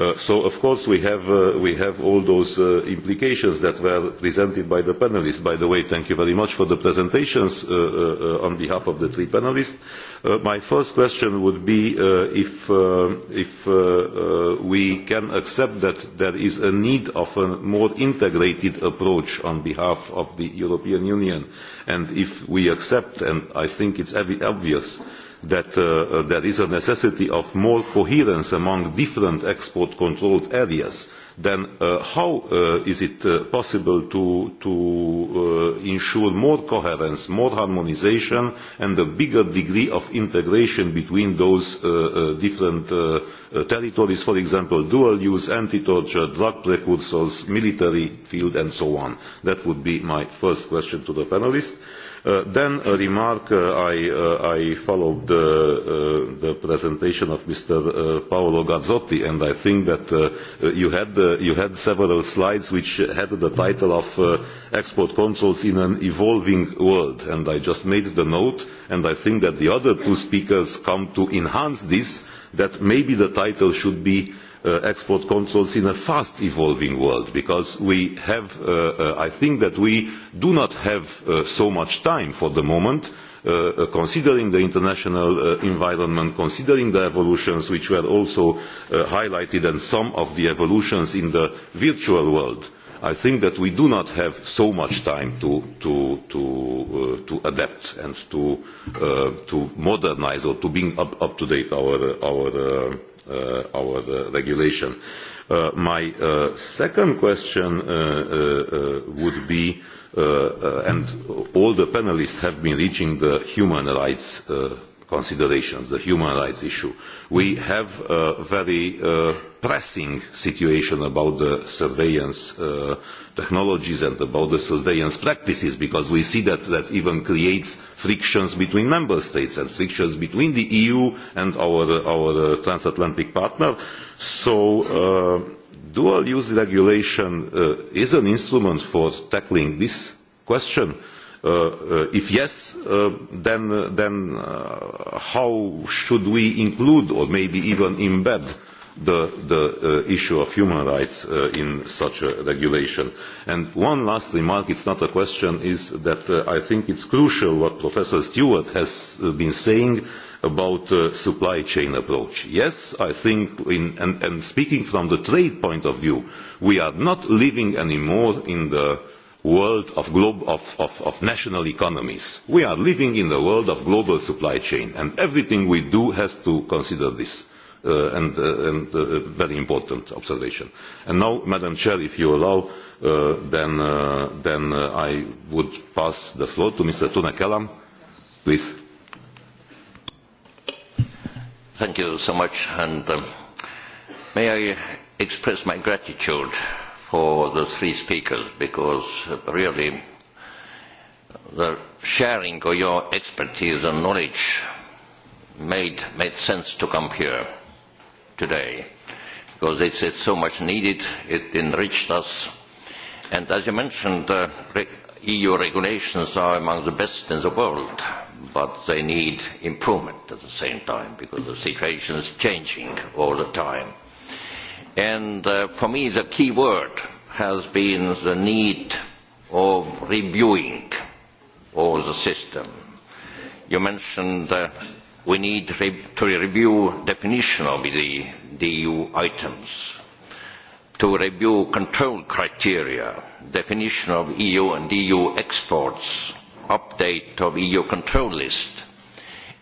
B: Uh, so of course we have uh, all those uh, implications that were presented by the panelists by the way thank you very much for the presentations on behalf of the three panelists my first question would be if we can accept that there is a need of a more integrated approach on behalf of the european union and if we accept and i think it is obvious that uh, uh, there is a necessity of more coherence among different export controlled areas then uh, how uh, is it uh, possible to, to uh, ensure more coherence, more harmonisation and a bigger degree of integration between those different territories, for example, dual use, anti-torture, drug precursors, military field and so on? That would be my first question to the panelists. Uh, then a remark uh, uh, I followed the, presentation of Mr Paolo Gazzotti and I think that you had you had several slides which had the title of export controls in an evolving world and I just made the note and I think that the other two speakers come to enhance this that maybe the title should be Uh, export controls in a fast evolving world because we have uh, uh, i think that we do not have so much time for the moment considering the international environment considering the evolutions which were also highlighted and some of the evolutions in the virtual world i think that we do not have so much time to adapt and to to modernize or to bring up, up to date our our Uh, our uh, regulation. Uh, my second question would be and all the panelists have been reaching the human rights considerations the human rights issue. we have a very uh, pressing situation about the surveillance uh, technologies and about the surveillance practices because we see that that even creates frictions between member states and frictions between the eu and our, our uh, transatlantic partner. so uh, dual use regulation uh, is an instrument for tackling this question Uh, if yes uh, then uh, how should we include or maybe even embed the issue of human rights in such a regulation and one last remark it's not a question is that i think it's crucial what professor stewart has been saying about the supply chain approach. Yes, I think, and, and speaking from the trade point of view, we are not living anymore in the world of, of, national economies. We are living in the world of global supply chain and everything we do has to consider this uh, uh, and, uh, very important observation. And now, Madam Chair, if you allow, uh, then, then I would pass the floor to Mr. Tuna Kellam. Please.
F: Thank you so much and um, may I express my gratitude for the three speakers because really the sharing of your expertise and knowledge made, made sense to come here today because it's, it's so much needed, it enriched us. And as you mentioned, uh, re EU regulations are among the best in the world, but they need improvement at the same time because the situation is changing all the time and uh, for me the key word has been the need of reviewing all the system. You mentioned that we need to review definition of the, the EU items, to review control criteria, definition of EU and EU exports, update of EU control list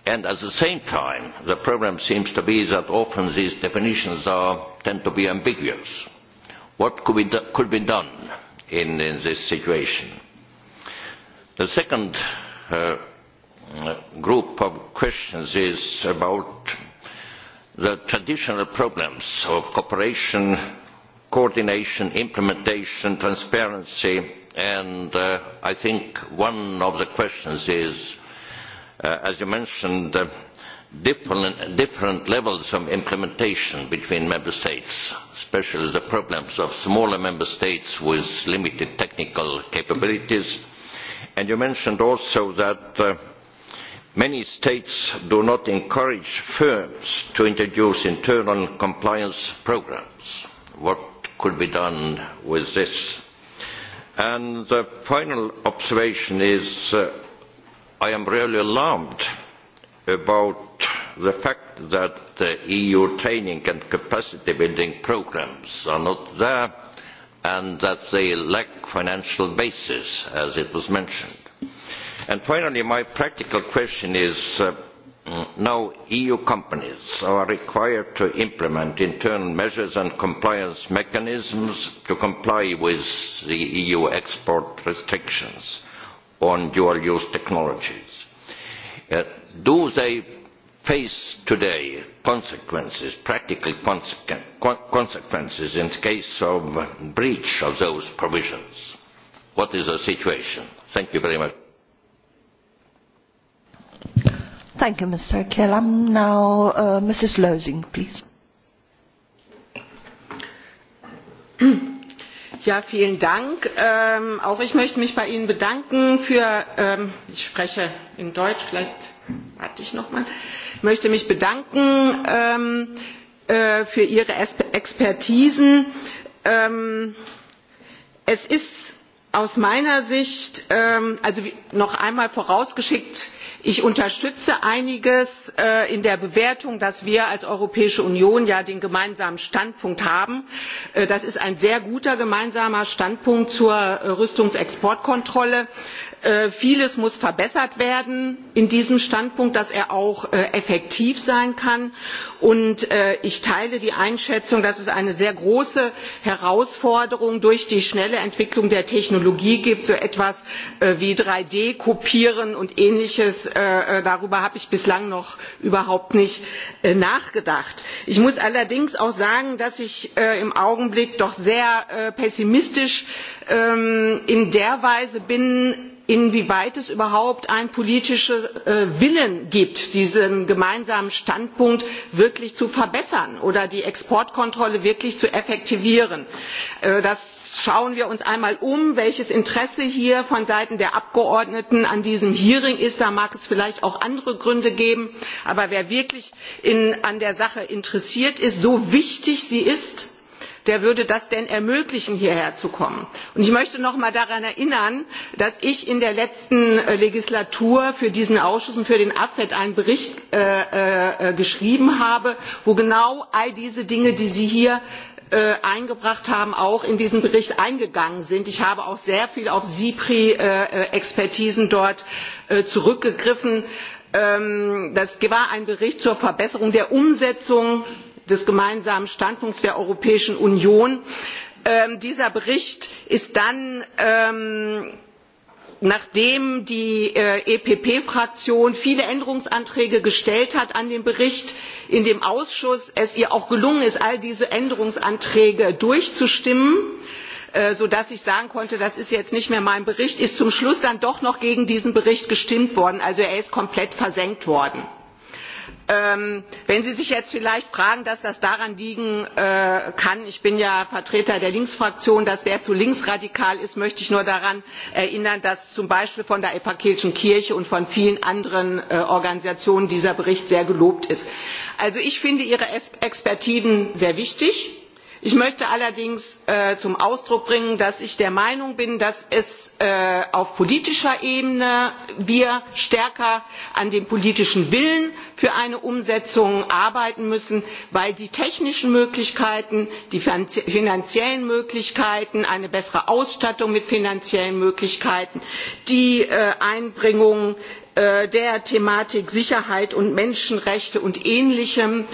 F: and at the same time the problem seems to be that often these definitions are, tend to be ambiguous. what could be, do, could be done in, in this situation? the second uh, group of questions is about the traditional problems of cooperation coordination implementation transparency and uh, i think one of the questions is Uh, as you mentioned uh, different, levels of implementation between member states especially the problems of smaller member states with limited technical capabilities and you mentioned also that uh, many states do not encourage firms to introduce internal compliance programmes. what could be done with this? and the final observation is i am really alarmed about the fact that the eu training and capacity building programmes are not there and that they lack financial basis as it was mentioned. And finally my practical question is uh, mm, now eu companies are required to implement internal measures and compliance mechanisms to comply with the eu export restrictions on dual use technologies. Uh, do they face today consequences, practical consequ consequences in the case of breach of those provisions? What is the situation? Thank you very much.
A: Thank you, Mr. I'm Now, uh, Mrs. Losing, please.
G: vielen Dank. Ähm, auch ich möchte mich bei Ihnen bedanken für, ähm, ich spreche in Deutsch, vielleicht warte ich noch mal, ich möchte mich bedanken ähm, äh, für Ihre Expertisen. Es ist aus meiner sicht ähm, also noch einmal vorausgeschickt ich unterstütze einiges äh, in der bewertung dass wir als europäische union ja den gemeinsamen standpunkt haben äh, das ist ein sehr guter gemeinsamer standpunkt zur äh, rüstungsexportkontrolle. Äh, vieles muss verbessert werden in diesem standpunkt dass er auch äh, effektiv sein kann und äh, ich teile die einschätzung dass es eine sehr große herausforderung durch die schnelle entwicklung der technologie gibt so etwas wie drei d kopieren und ähnliches darüber habe ich bislang noch überhaupt nicht nachgedacht. ich muss allerdings auch sagen dass ich im augenblick doch sehr pessimistisch ähm, in der weise bin inwieweit es überhaupt einen politischen äh, willen gibt diesen gemeinsamen standpunkt wirklich zu verbessern oder die exportkontrolle wirklich zu effektivieren. Äh, schauen wir uns einmal um welches interesse hier von seiten der abgeordneten an diesem hearing ist da mag es vielleicht auch andere gründe geben aber wer wirklich an der sache interessiert ist so wichtig sie ist der würde das denn ermöglichen hierher zu kommen. Und ich möchte noch einmal daran erinnern dass ich in der letzten äh, legislatur für diesen ausschuss und für den afet einen bericht äh, äh, geschrieben habe wo genau all diese dinge die sie hier eingebracht haben auch in diesen bericht eingegangen sind. ich habe auch sehr viel auf cipri expertisen dort zurückgegriffen. Ähm, das war ein bericht zur verbesserung der umsetzung des gemeinsamen standpunkts der europäischen union. Ähm, dieser bericht ist dann ähm, nachdem die äh, epp fraktion viele änderungsanträge gestellt hat an den bericht in dem ausschuss es ihr auch gelungen ist all diese änderungsanträge durchzustimmen äh, so sodass ich sagen konnte das ist jetzt nicht mehr mein bericht ist zum schluss dann doch noch gegen diesen bericht gestimmt worden also er ist komplett versenkt worden. Ähm, wenn sie sich jetzt vielleicht fragen dass das daran liegen äh, kann ich bin ja vertreter der linksfraktion dass der zu linksradikal ist möchte ich nur daran erinnern dass zum beispiel von der evangelischen kirche und von vielen anderen äh, organisationen dieser bericht sehr gelobt ist. also ich finde ihre expertisen sehr wichtig. ich möchte allerdings äh, zum ausdruck bringen dass ich der meinung bin dass wir auf politischer ebene wir stärker an dem politischen willen für eine umsetzung arbeiten müssen weil die technischen möglichkeiten die finanziellen möglichkeiten eine bessere ausstattung mit finanziellen möglichkeiten die äh, einbringung äh, der thematik sicherheit und menschenrechte und ähnlichem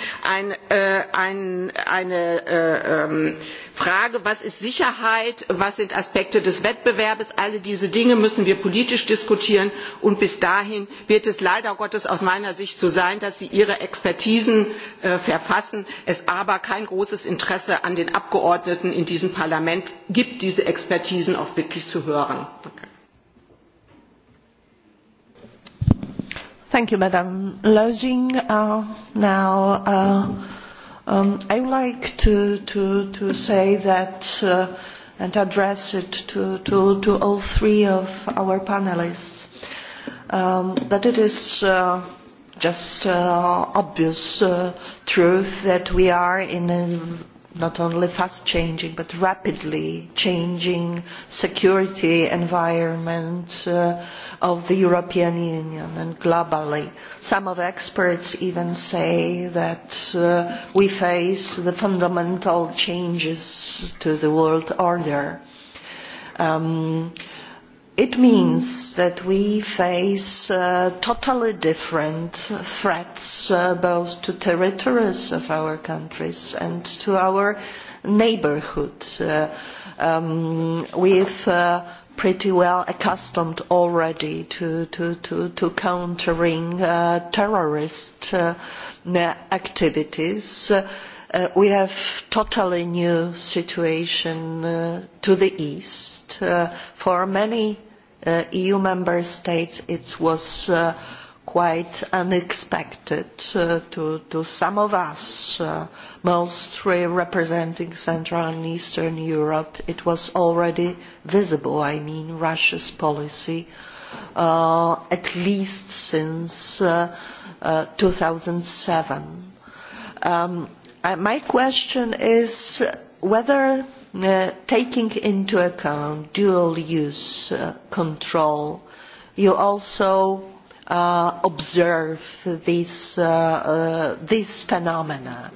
G: äh, eine ähm, frage was ist sicherheit was sind aspekte des wettbewerbs all diese dinge müssen wir politisch diskutieren und bis dahin wird es leider gottes aus meiner sicht so sein dass sie ihre expertisen äh, verfassen es aber kein großes interesse an den abgeordneten in diesem parlament gibt diese expertisen auch wirklich zu hören.
A: Um, I would like to, to, to say that uh, and address it to, to, to all three of our panelists um, that it is uh, just uh, obvious uh, truth that we are in a not only fast changing but rapidly changing security environment uh, of the European Union and globally. Some of the experts even say that uh, we face the fundamental changes to the world order. Um, it means that we face uh, totally different threats uh, both to territories of our countries and to our neighbourhood. Uh, um, we've uh, pretty well accustomed already to, to, to, to countering uh, terrorist uh, activities. Uh, we have a totally new situation uh, to the east. Uh, for many eu member states it was quite unexpected to, to some of us mostly representing central and eastern europe. it was already visible i mean russia's policy at least since two thousand and seven um, my question is whether uh, taking into account dual use uh, control you also uh, observe these this phenomena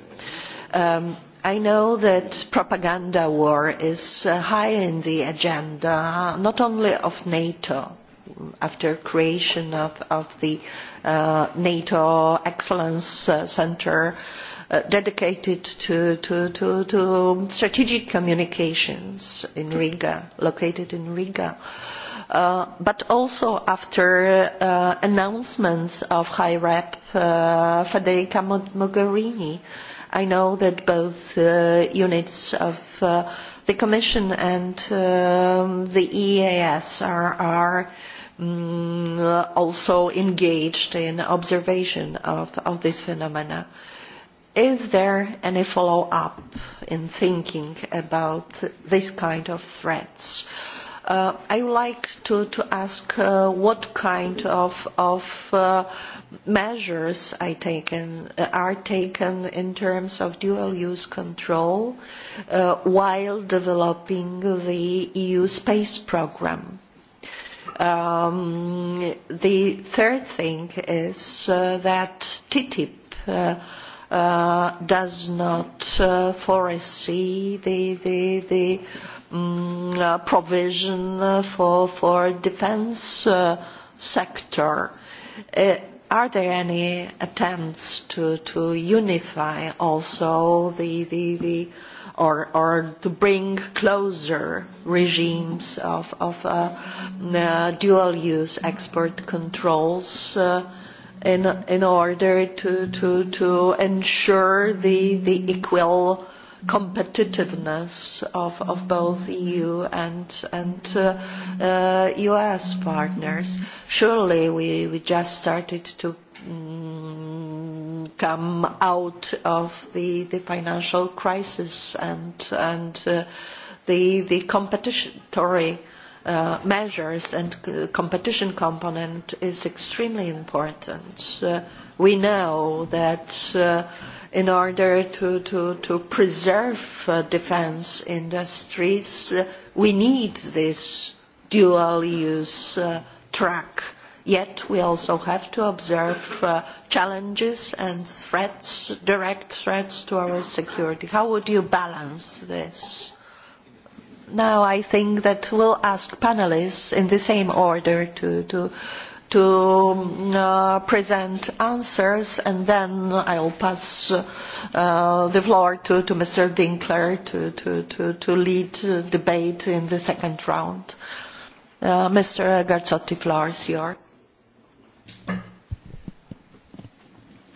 A: um, i know that propaganda war is high in the agenda not only of nato after creation of of the nato excellence center Uh, dedicated to, to, to, strategic communications in Riga, located in Riga. Uh, but also after uh, announcements of High Rep Federica Mogherini. I know that both units of the Commission and um, the EAS are, mm, also engaged in observation of, of this phenomena. Is there any follow-up in thinking about this kind of threats? Uh, I would like to, ask uh, what kind of, uh, measures are taken in terms of dual-use control while developing the EU space program. Um, the third thing is that TTIP uh, does not uh, foresee the, the, the um, uh, provision for, for defense uh, sector. Uh, are there any attempts to, to unify also the, the, the or, or to bring closer regimes of, of uh, uh, dual-use export controls uh, in, in order to, to, to ensure the, the equal competitiveness of, of both EU and, and uh, uh, US partners. Surely we, we just started to um, come out of the, the financial crisis and, and uh, the, the competitory Uh, measures and uh, competition component is extremely important. Uh, we know that in order to, to, to preserve defence industries, we need this dual-use track. Yet we also have to observe challenges and threats, direct threats to our security. How would you balance this? now I think that we'll ask panelists in the same order to, to, to um, uh, present answers and then I'll pass uh, the floor to, to Mr. Winkler to, to, to, to lead the debate in the second round. Uh, Mr. Garzotti, floor is yours.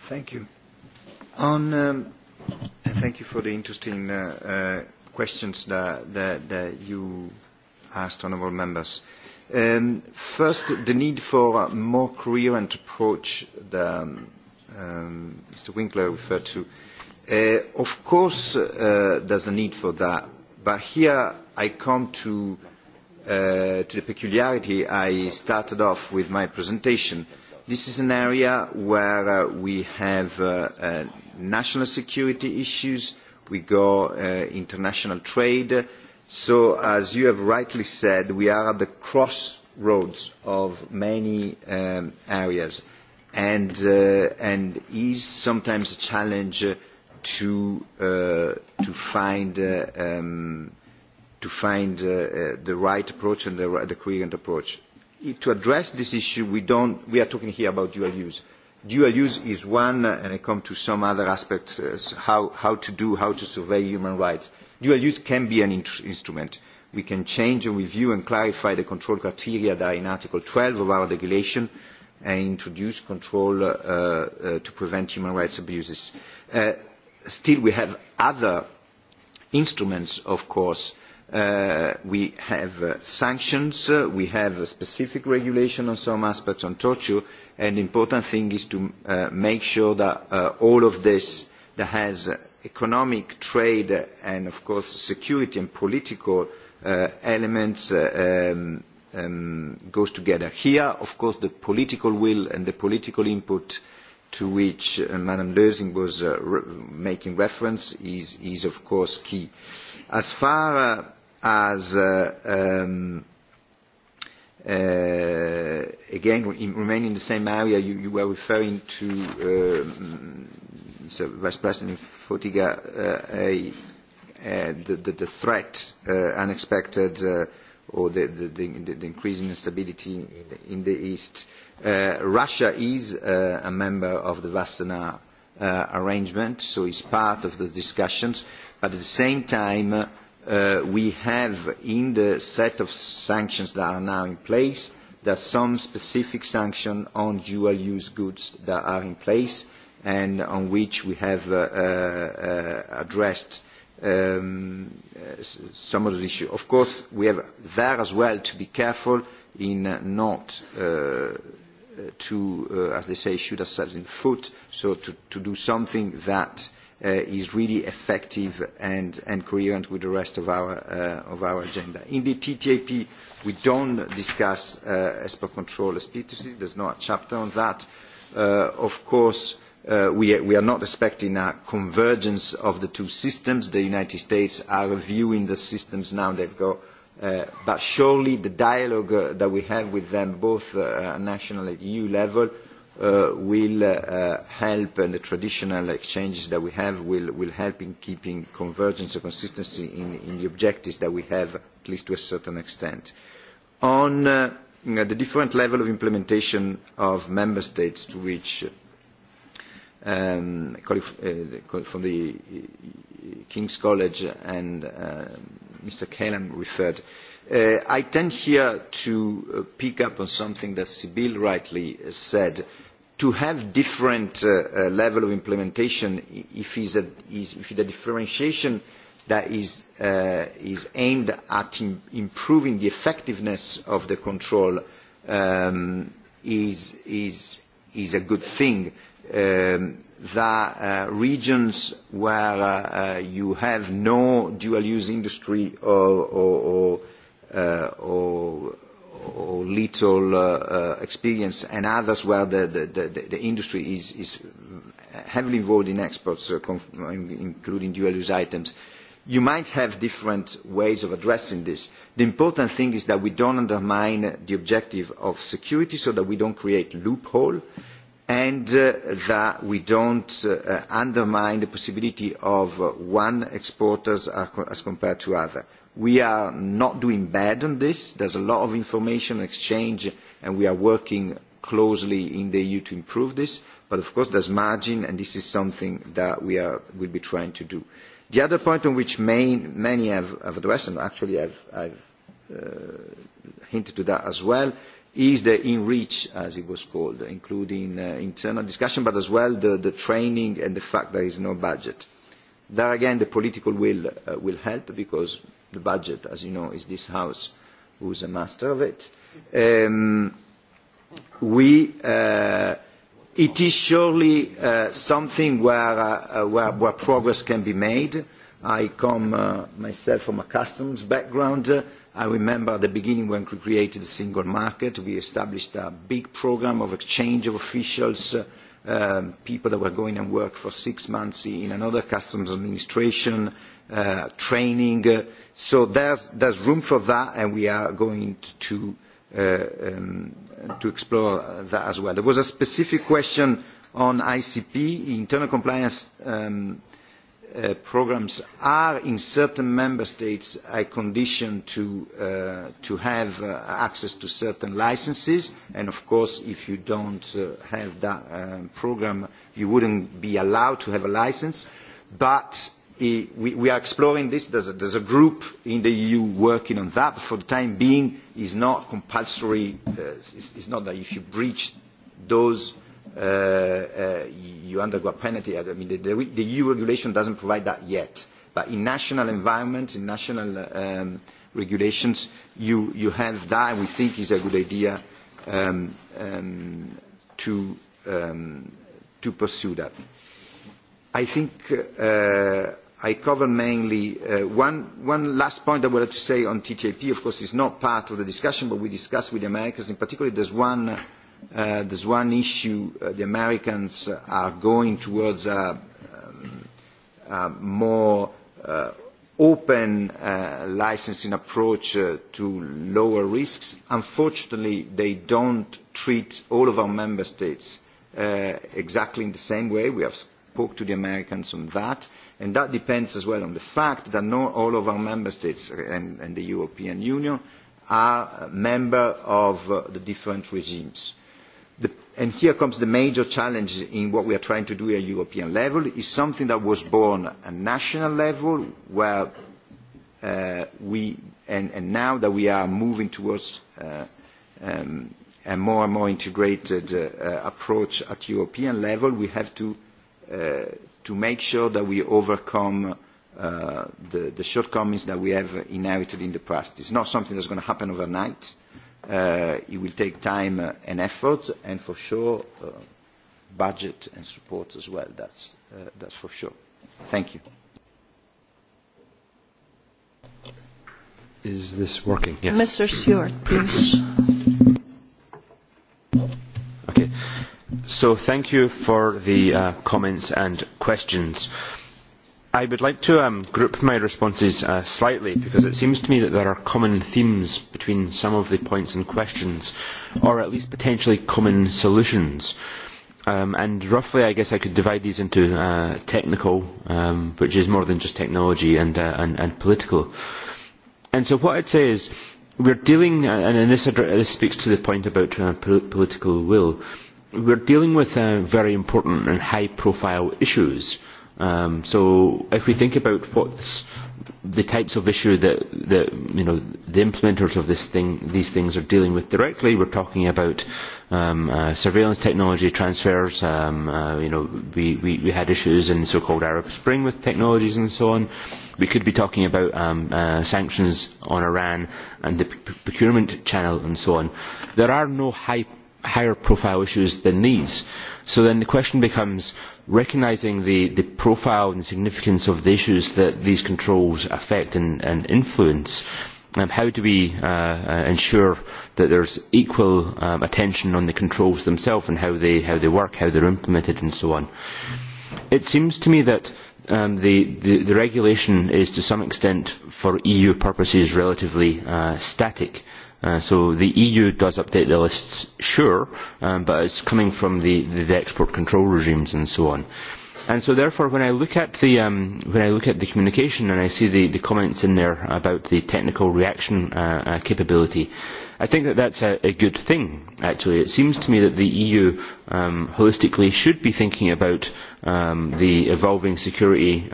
C: Thank you. On, um, thank you for the interesting uh, uh questions that, that, that you asked, honourable members. Um, first, the need for a more coherent approach that um, Mr. Winkler referred to. Uh, of course, uh, there's a need for that, but here I come to, uh, to the peculiarity I started off with my presentation. This is an area where uh, we have uh, uh, national security issues, we go uh, international trade. So as you have rightly said, we are at the crossroads of many um, areas and, uh, is sometimes a challenge uh, to, uh, to find, um, to find the right approach and the, coherent approach. To address this issue, we, don't, we are talking here about dual use dual use is one and i come to some other aspects uh, how, how to do how to survey human rights dual use can be an instrument we can change and review and clarify the control criteria that are in article 12 of our regulation and introduce control uh, uh, to prevent human rights abuses still we have other instruments of course Uh, we have uh, sanctions, uh, we have a specific regulation on some aspects on torture, and the important thing is to make sure that all of this that has economic, trade and of course security and political elements um, um, goes together. Here of course the political will and the political input to which Madam lsing was making reference is of course key. As far uh, as uh, um, Uh, again, in remaining in the same area, you, you were referring to uh, um, Mr. Vice President Fotiga, uh, a, uh, the, the, the threat, uh, unexpected, uh, or the, the, the, the increasing instability in the, in the East. Uh, Russia is uh, a member of the Vassana uh, arrangement, so it's part of the discussions at the same time uh, we have in the set of sanctions that are now in place there are some specific sanctions on dual use goods that are in place and on which we have uh, uh, addressed um, some of the issues. Of course, we have there as well to be careful in not to, as they say, shoot ourselves in the foot, so to, to do something that Uh, is really effective and, coherent with the rest of our, uh, agenda. In the TTIP, we don't discuss uh, export control explicitly. There's no chapter on that. Uh, of course, we, we are not expecting a convergence of the two systems. The United States are reviewing the systems now they've got, but surely the dialogue that we have with them, both at national and EU level, uh, will uh, help and the traditional exchanges that we have will, will help in keeping convergence and consistency in, in the objectives that we have, at least to a certain extent. On uh, the different level of implementation of member states to which um, uh, from the King's College and uh, Mr. Kalem referred, Uh, I tend here to uh, pick up on something that Sibyl rightly said to have different uh, uh, level of implementation if, is a, if the differentiation that is, uh, is aimed at improving the effectiveness of the control um, is, is, is a good thing. Um, that uh, regions where uh, uh, you have no dual-use industry or, or, or, or or little uh, uh, experience and others where the, the, the, the industry is, is heavily involved in exports, uh, including dual-use items, you might have different ways of addressing this. The important thing is that we don't undermine the objective of security so that we don't create loophole and that we don't uh, undermine the possibility of one exporters as compared to other. We are not doing bad on this. There is a lot of information exchange and we are working closely in the EU to improve this. But of course there is margin and this is something that we are, will be trying to do. The other point on which many have, addressed, and actually I've, have uh, hinted to that as well, is the in-reach, as it was called, including uh, internal discussion, but as well the, the training and the fact that there is no budget. There again, the political will uh, will help because the budget, as you know, is this House who is a master of it. Um, we, uh, it is surely uh, something where, uh, where, where progress can be made. I come uh, myself from a customs background. I remember at the beginning when we created the single market, we established a big program of exchange of officials uh, Um, people that were going and work for six months in another customs administration, uh, training. So there's, there's room for that, and we are going to, uh, um, to explore that as well. There was a specific question on ICP, internal compliance um, Uh, programmes are in certain member states a condition to, uh, to have uh, access to certain licenses and of course if you don't have that um, programme you wouldn't be allowed to have a licence but we, are exploring this there's a, a group in the EU working on that but for the time being is not compulsory it is not that if you breach those Uh, uh, you undergo a penalty. I mean, the, EU e regulation doesn't provide that yet. But in national environments, in national um, regulations, you, you have that, and we think is a good idea um, um to, um, to pursue that. I think uh, I cover mainly uh, one, one last point I would like to say on TTIP, of course, is not part of the discussion, but we discussed with the Americans. In particular, there's one Uh, there's one issue, uh, the Americans uh, are going towards um, a, more uh, open uh, licensing approach uh, to lower risks. Unfortunately, they don't treat all of our member states uh, exactly in the same way. We have spoke to the Americans on that, and that depends as well on the fact that not all of our member states and, and the European Union are members of uh, the different regimes and here comes the major challenge in what we are trying to do at European level, is something that was born at national level, where uh, we, and, and now that we are moving towards uh, um, a more and more integrated uh, uh approach at European level, we have to, uh, to make sure that we overcome uh, the, the shortcomings that we have inherited in the past. It's not something that's going to happen overnight. Uh, it will take time and effort and for sure uh, budget and support as well. That's, uh, that's for sure. Thank you. Is this working? Yes.
A: Mr. Stewart, please.
D: Okay. So thank you for the uh, comments and questions. I would like to um, group my responses uh, slightly because it seems to me that there are common themes between some of the points and questions, or at least potentially common solutions. Um, and roughly, I guess I could divide these into uh, technical, um, which is more than just technology, and, uh, and, and political. And so what I'd say is we're dealing, and this, this speaks to the point about political will, we're dealing with very important and high-profile issues – Um, so if we think about what the types of issues that, you know the implementers of this thing, these things are dealing with directly, we're talking about um, uh, surveillance technology transfers. Um, uh, you know, we, we, we had issues in so-called Arab Spring with technologies and so on. We could be talking about um, uh, sanctions on Iran and the procurement channel and so on. There are no higher profile issues than these. So then the question becomes recognising the, the profile and significance of the issues that these controls affect and, and influence, um, how do we uh, uh, ensure that there is equal um, attention on the controls themselves and how they, how they work, how implemented and so on? It seems to me that um, the, the, regulation is to some extent for EU purposes relatively uh, static Uh, so the EU does update the lists, sure, um, but it's coming from the, the export control regimes and so on. And so therefore when I look at the um, when I look at the communication and I see the, the comments in there about the technical reaction uh, uh, capability, I think that that's a, a good thing actually. It seems to me that the EU um, holistically should be thinking about um, the evolving security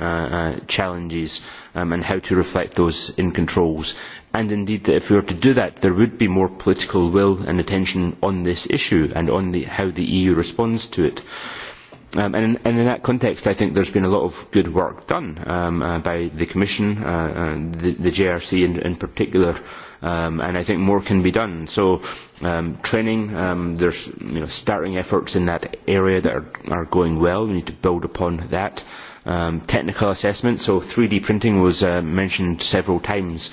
D: challenges um, and how to reflect those in controls and indeed if we were to do that there would be more political will and attention on this issue and on how the eu responds to it. Um, and, in, that context i think there's been a lot of good work done um, uh, by the commission uh, the, jrc in, particular um, and i think more can be done. so training there are starting efforts in that area that are going well we need to build upon that um, technical assessment, so 3D printing was uh, mentioned several times.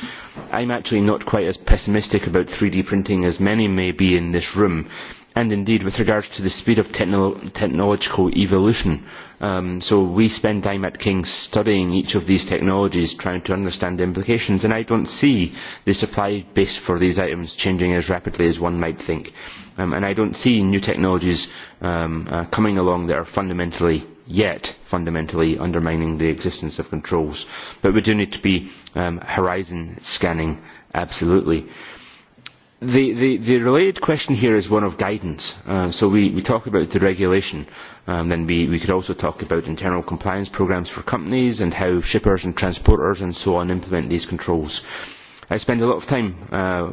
D: I'm actually not quite as pessimistic about 3D printing as many may be in this room, and indeed with regards to the speed of technological evolution. Um, so we spend time at King's studying each of these technologies, trying to understand the implications, and I don't see the supply base for these items changing as rapidly as one might think. Um, and I don't see new technologies um, uh, coming along that are fundamentally yet fundamentally undermining the existence of controls. But we do need to be um, horizon scanning, absolutely. The, the, the related question here is one of guidance. Uh, so we, we talk about the regulation, um, then we, we could also talk about internal compliance programs for companies and how shippers and transporters and so on implement these controls. I spend a lot of time uh,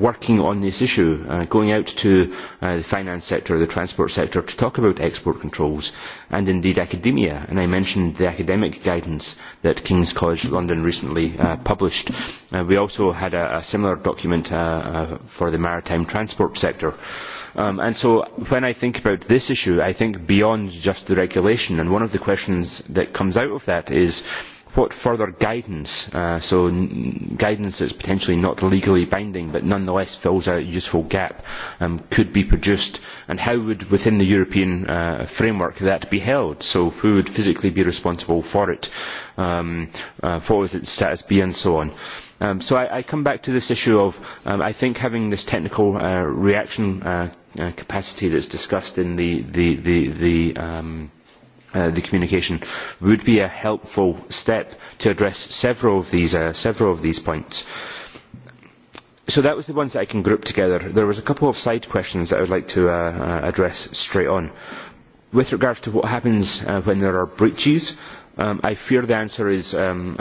D: working on this issue, uh, going out to uh, the finance sector, the transport sector, to talk about export controls, and indeed academia. And I mentioned the academic guidance that King's College London recently uh, published. Uh, we also had a, a similar document uh, for the maritime transport sector. Um, and so when I think about this issue, I think beyond just the regulation. And one of the questions that comes out of that is, what further guidance, uh, so n guidance is potentially not legally binding but nonetheless fills a useful gap, um, could be produced and how would within the European uh, framework that be held? So who would physically be responsible for it? Um, uh, what would its status be and so on? Um, so I, I come back to this issue of um, I think having this technical uh, reaction uh, capacity that's discussed in the, the, the, the um, Uh, the communication would be a helpful step to address several of these uh, several of these points. So that was the ones that I can group together. There was a couple of side questions that I would like to uh, uh address straight on. With regard to what happens when there are breaches, um, I fear the answer is um,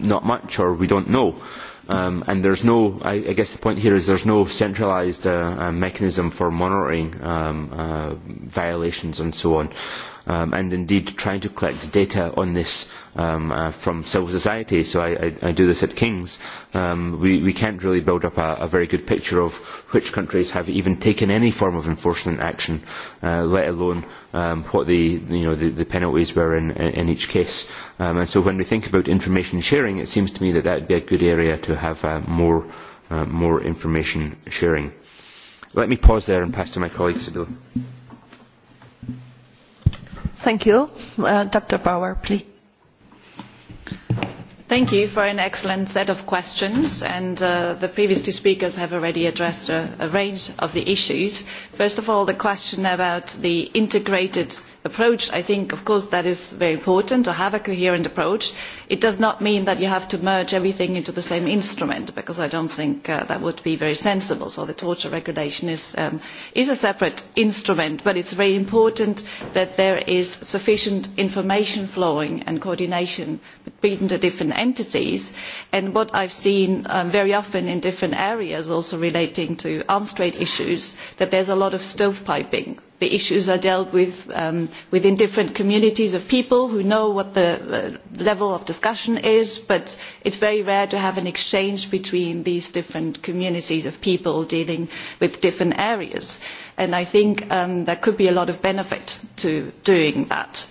D: not much or we don't know. Um, and there's no, I, I guess the point here is there's no centralised uh, uh, mechanism for monitoring um, uh, violations and so on. Um, and indeed, trying to collect data on this um, uh, from civil society. So I, I, I do this at King's. Um, we, we can't really build up a, a very good picture of which countries have even taken any form of enforcement action, uh, let alone um, what the, you know, the, the penalties were in, in each case. Um, and so when we think about information sharing, it seems to me that that would be a good area to have uh, more, uh, more information sharing. Let me pause there and pass to my colleague, Sibylla.
A: Thank you. Uh, Dr. Bauer, please.
E: Thank you for an excellent set of questions and uh, the previous two speakers have already addressed a, a range of the issues. First of all, the question about the integrated approach i think of course that is very important to have a coherent approach. it does not mean that you have to merge everything into the same instrument because i do not think uh, that would be very sensible so the torture regulation is, um, a separate instrument but it is very important that there is sufficient information flowing and coordination between the different entities and what i have seen um, very often in different areas also relating to arms trade issues is that there is a lot of stovepiping the issues are dealt with um, within different communities of people who know what the uh, level of discussion is but it is very rare to have an exchange between these different communities of people dealing with different areas and i think um, there could be a lot of benefit to doing that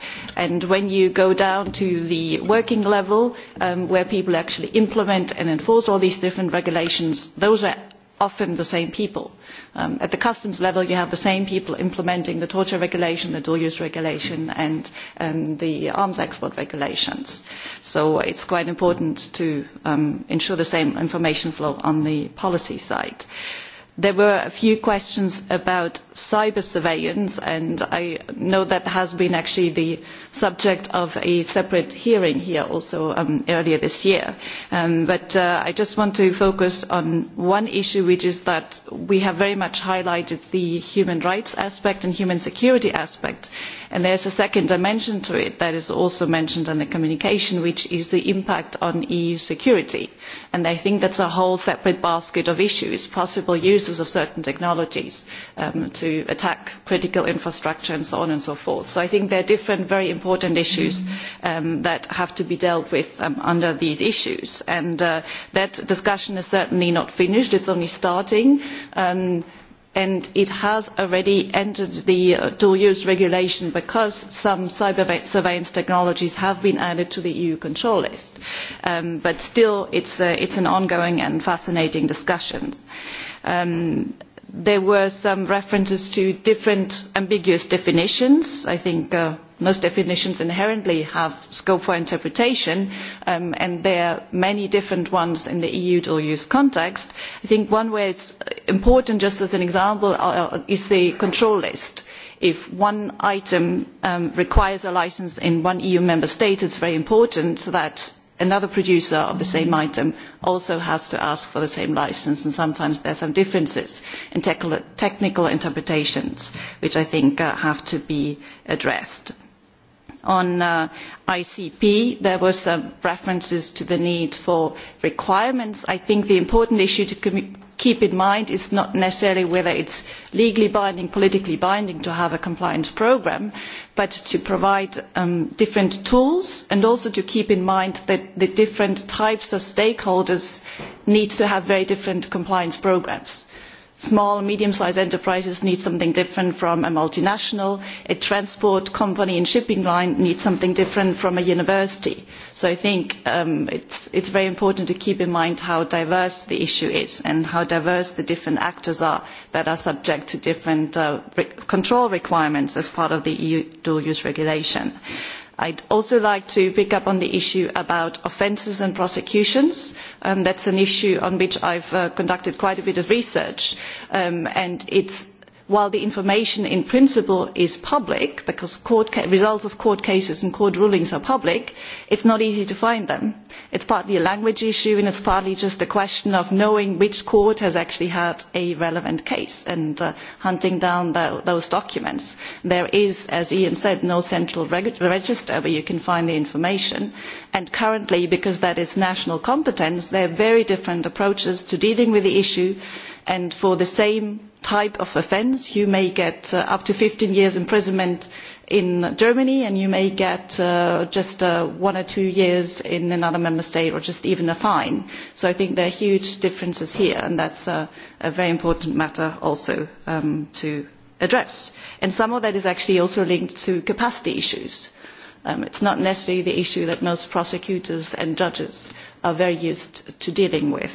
E: when you go down to the working level um, where people actually implement and enforce all these different regulations those are often the same people. Um, at the customs level you have the same people implementing the torture regulation, the dual use regulation and um, the arms export regulations. So it's quite important to um, ensure the same information flow on the policy side. There were a few questions about cyber surveillance and I know that has been actually the subject of a separate hearing here also um, earlier this year. Um, but uh, I just want to focus on one issue, which is that we have very much highlighted the human rights aspect and human security aspect. And there's a second dimension to it that is also mentioned in the communication, which is the impact on EU security. And I think that's a whole separate basket of issues, possible uses of certain technologies um, to attack critical infrastructure and so on and so forth. So I think there are different very important issues mm-hmm. um, that have to be dealt with um, under these issues. And, uh, that discussion is certainly not finished it is only starting um, and it has already entered the uh, dual use regulation because some cyber surveillance technologies have been added to the eu control list but still it uh, is an ongoing and fascinating discussion there were some references to different ambiguous definitions. i think uh, most definitions inherently have scope for interpretation um, and there are many different ones in the eu dual use context. i think one way it is important just as an example uh, uh, is the control list. if one item um, requires a licence in one eu member state it is very important that another producer of the same item also has to ask for the same license and sometimes there are some differences in technical interpretations which i think uh, have to be addressed. on uh, icp there were some references to the need for requirements. i think the important issue to keep in mind is not necessarily whether it is legally binding or politically binding to have a compliance programme but to provide um, different tools and also to keep in mind that the different types of stakeholders need to have very different compliance programmes small and medium sized enterprises need something different from a multinational a transport company and shipping line need something different from a university so i think um, it is very important to keep in mind how diverse the issue is and how diverse the different actors are that are subject to different uh, control requirements as part of the eu dual use regulation i would also like to pick up on the issue about offences and prosecutions. Um, that is an issue on which i have uh, conducted quite a bit of research um, and it while the information in principle is public because results of court cases and court rulings are public it is not easy to find them. it is partly a language issue and it is partly just a question of knowing which court has actually had a relevant case and uh, hunting down those documents. there is as ian said no central register where you can find the information and currently because that is national competence there are very different approaches to dealing with the issue and for the same type of offence you may get uh, up to fifteen years imprisonment in germany and you may get uh, just uh, one or two years in another member state or just even a fine. so i think there are huge differences here and that is a very important matter also um, to address. and some of that is actually also linked to capacity issues. Um, it is not necessarily the issue that most prosecutors and judges are very used to dealing with.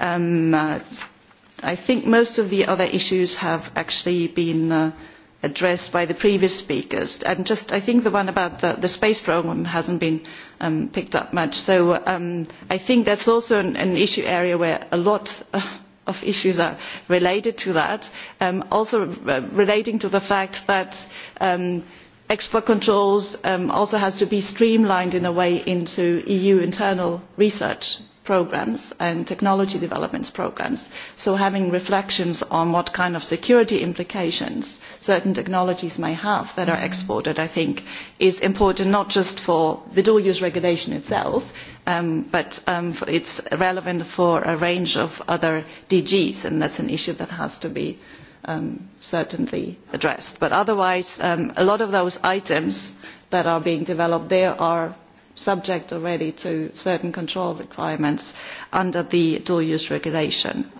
E: Um, i think most of the other issues have actually been uh, addressed by the previous speakers. And just I think the one about the, the space programme hasn't been um, picked up much. So um, I think that's also an, issue area where a lot [LAUGHS] of issues are related to that, um, also uh, relating to the fact that export controls also has to be streamlined in a way into EU internal research programmes and technology development programmes so having reflections on what kind of security implications certain technologies may have that are mm-hmm. exported i think is important not just for the dual use regulation itself um, but um, it is relevant for a range of other dgs and that's an issue that has to be um, certainly addressed. but otherwise a lot of those items that are being developed there are subject already to certain control requirements under the dual use regulation.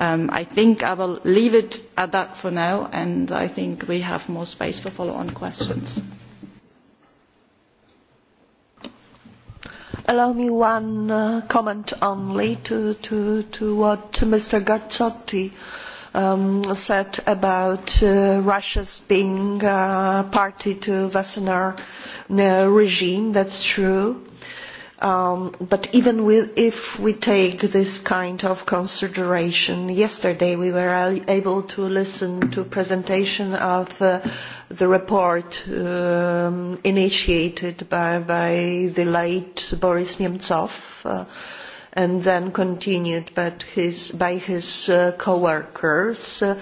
E: Um, I think I will leave it at that for now and I think we have more space for follow on questions.
A: Allow me one uh, comment only to, to, to what Mr. Garzotti um, said about uh, Russia's being uh, party to Wassenaar uh, regime. That's true. Um, but even with, if we take this kind of consideration, yesterday we were able to listen to presentation of uh, the report um, initiated by, by the late Boris Nemtsov, uh, and then continued by his uh, co-workers uh,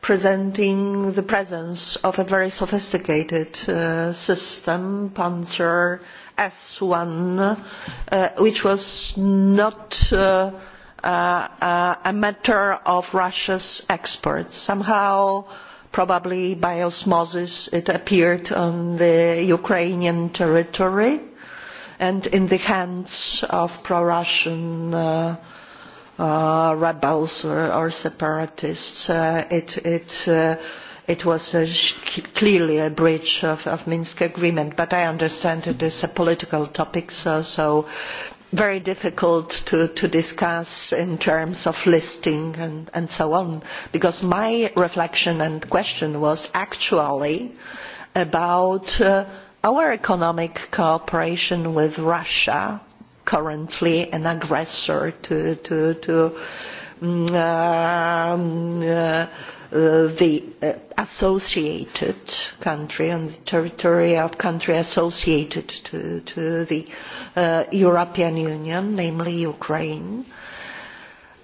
A: presenting the presence of a very sophisticated uh, system, Panzer S1, which was not a matter of Russia's exports. Somehow, probably by osmosis, it appeared on the Ukrainian territory and in the hands of pro russian uh, uh, rebels or, separatists uh, it it was clearly a breach of the minsk agreement but i understand it is a political topic so, so very difficult to, to discuss in terms of listing and, so on because my reflection and question was actually about uh, our economic cooperation with russia currently an aggressor to, to, to mm, um, uh, the uh, associated country and the territory of country associated to, to the uh, European Union, namely Ukraine,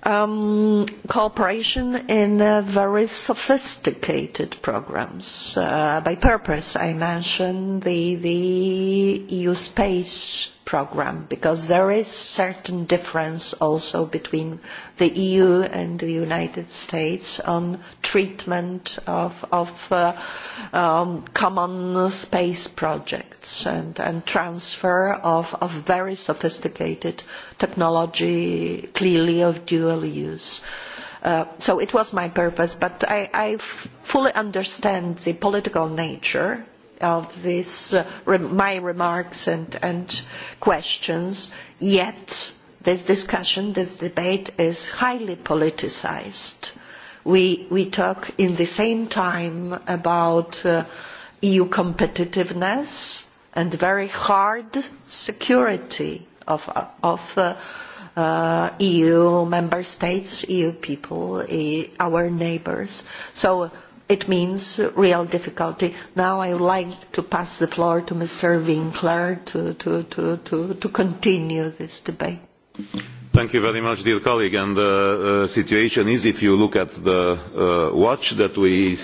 A: um, cooperation in uh, very sophisticated programs. Uh, by purpose, I mentioned the, the EU space programme because there is certain difference also between the EU and the United States on treatment of, of uh, um, common space projects and, and transfer of, very sophisticated technology clearly of dual use. Uh, so it was my purpose, but I, I fully understand the political nature of uh, my remarks and, questions, yet this discussion, this debate is highly politicized. We, we talk in the same time about uh, EU competitiveness and very hard security of, uh, of EU member states, EU people, e, our neighbors. So it means real difficulty. Now I would like to pass the floor to Mr. Winkler to, to, to, to, to continue this debate.
B: Thank you very much, dear colleague. And the uh, uh, situation is, if you look at the uh, watch that we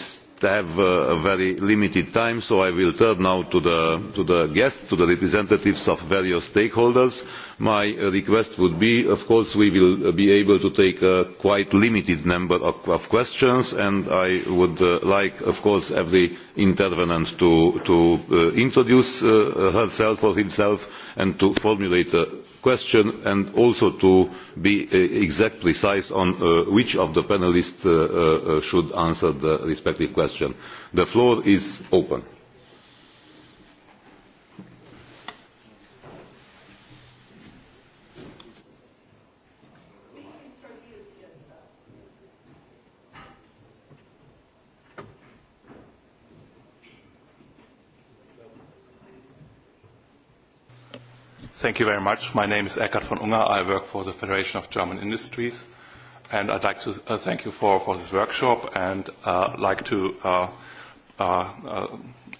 B: i have a very limited time so i will turn now to the, guests to the representatives of various stakeholders. my uh, request would be of course we will uh, be able to take a quite limited number of, questions and i would uh, like of course every intervenant to, to introduce herself or himself and to formulate a question and also to be uh, exact precise on uh, which of the panelists uh, should answer the respective question. the floor is open. Thank you very much. My name is Eckhard von Unger. I work for the Federation of German Industries. And I'd like to uh, thank you for, for this workshop and uh, like to uh, uh, uh,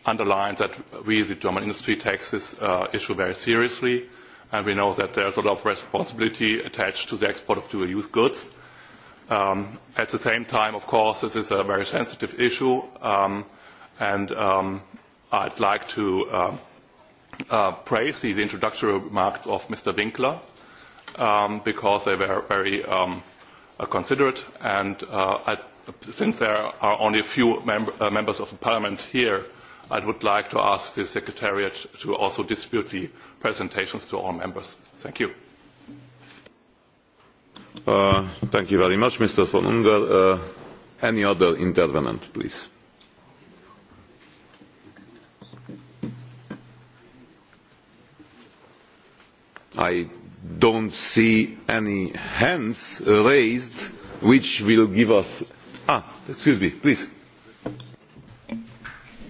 B: underline that we, the German industry, take this uh, issue very seriously. And we know that there is a lot of responsibility attached to the export of dual-use goods. Um, at the same time, of course, this is a very sensitive issue. Um, and um, I'd like to... Uh, uh, praise the introductory remarks of Mr. Winkler um, because they were very um, uh, considerate and uh, I, since there are only a few mem uh, members of the parliament here, I would like to ask the Secretariat to also distribute the presentations to all members. Thank you. Uh, thank you very much, Mr. von Unger. Uh, any other intervenant, please? i do not see any hands raised which will give us ah excuse me please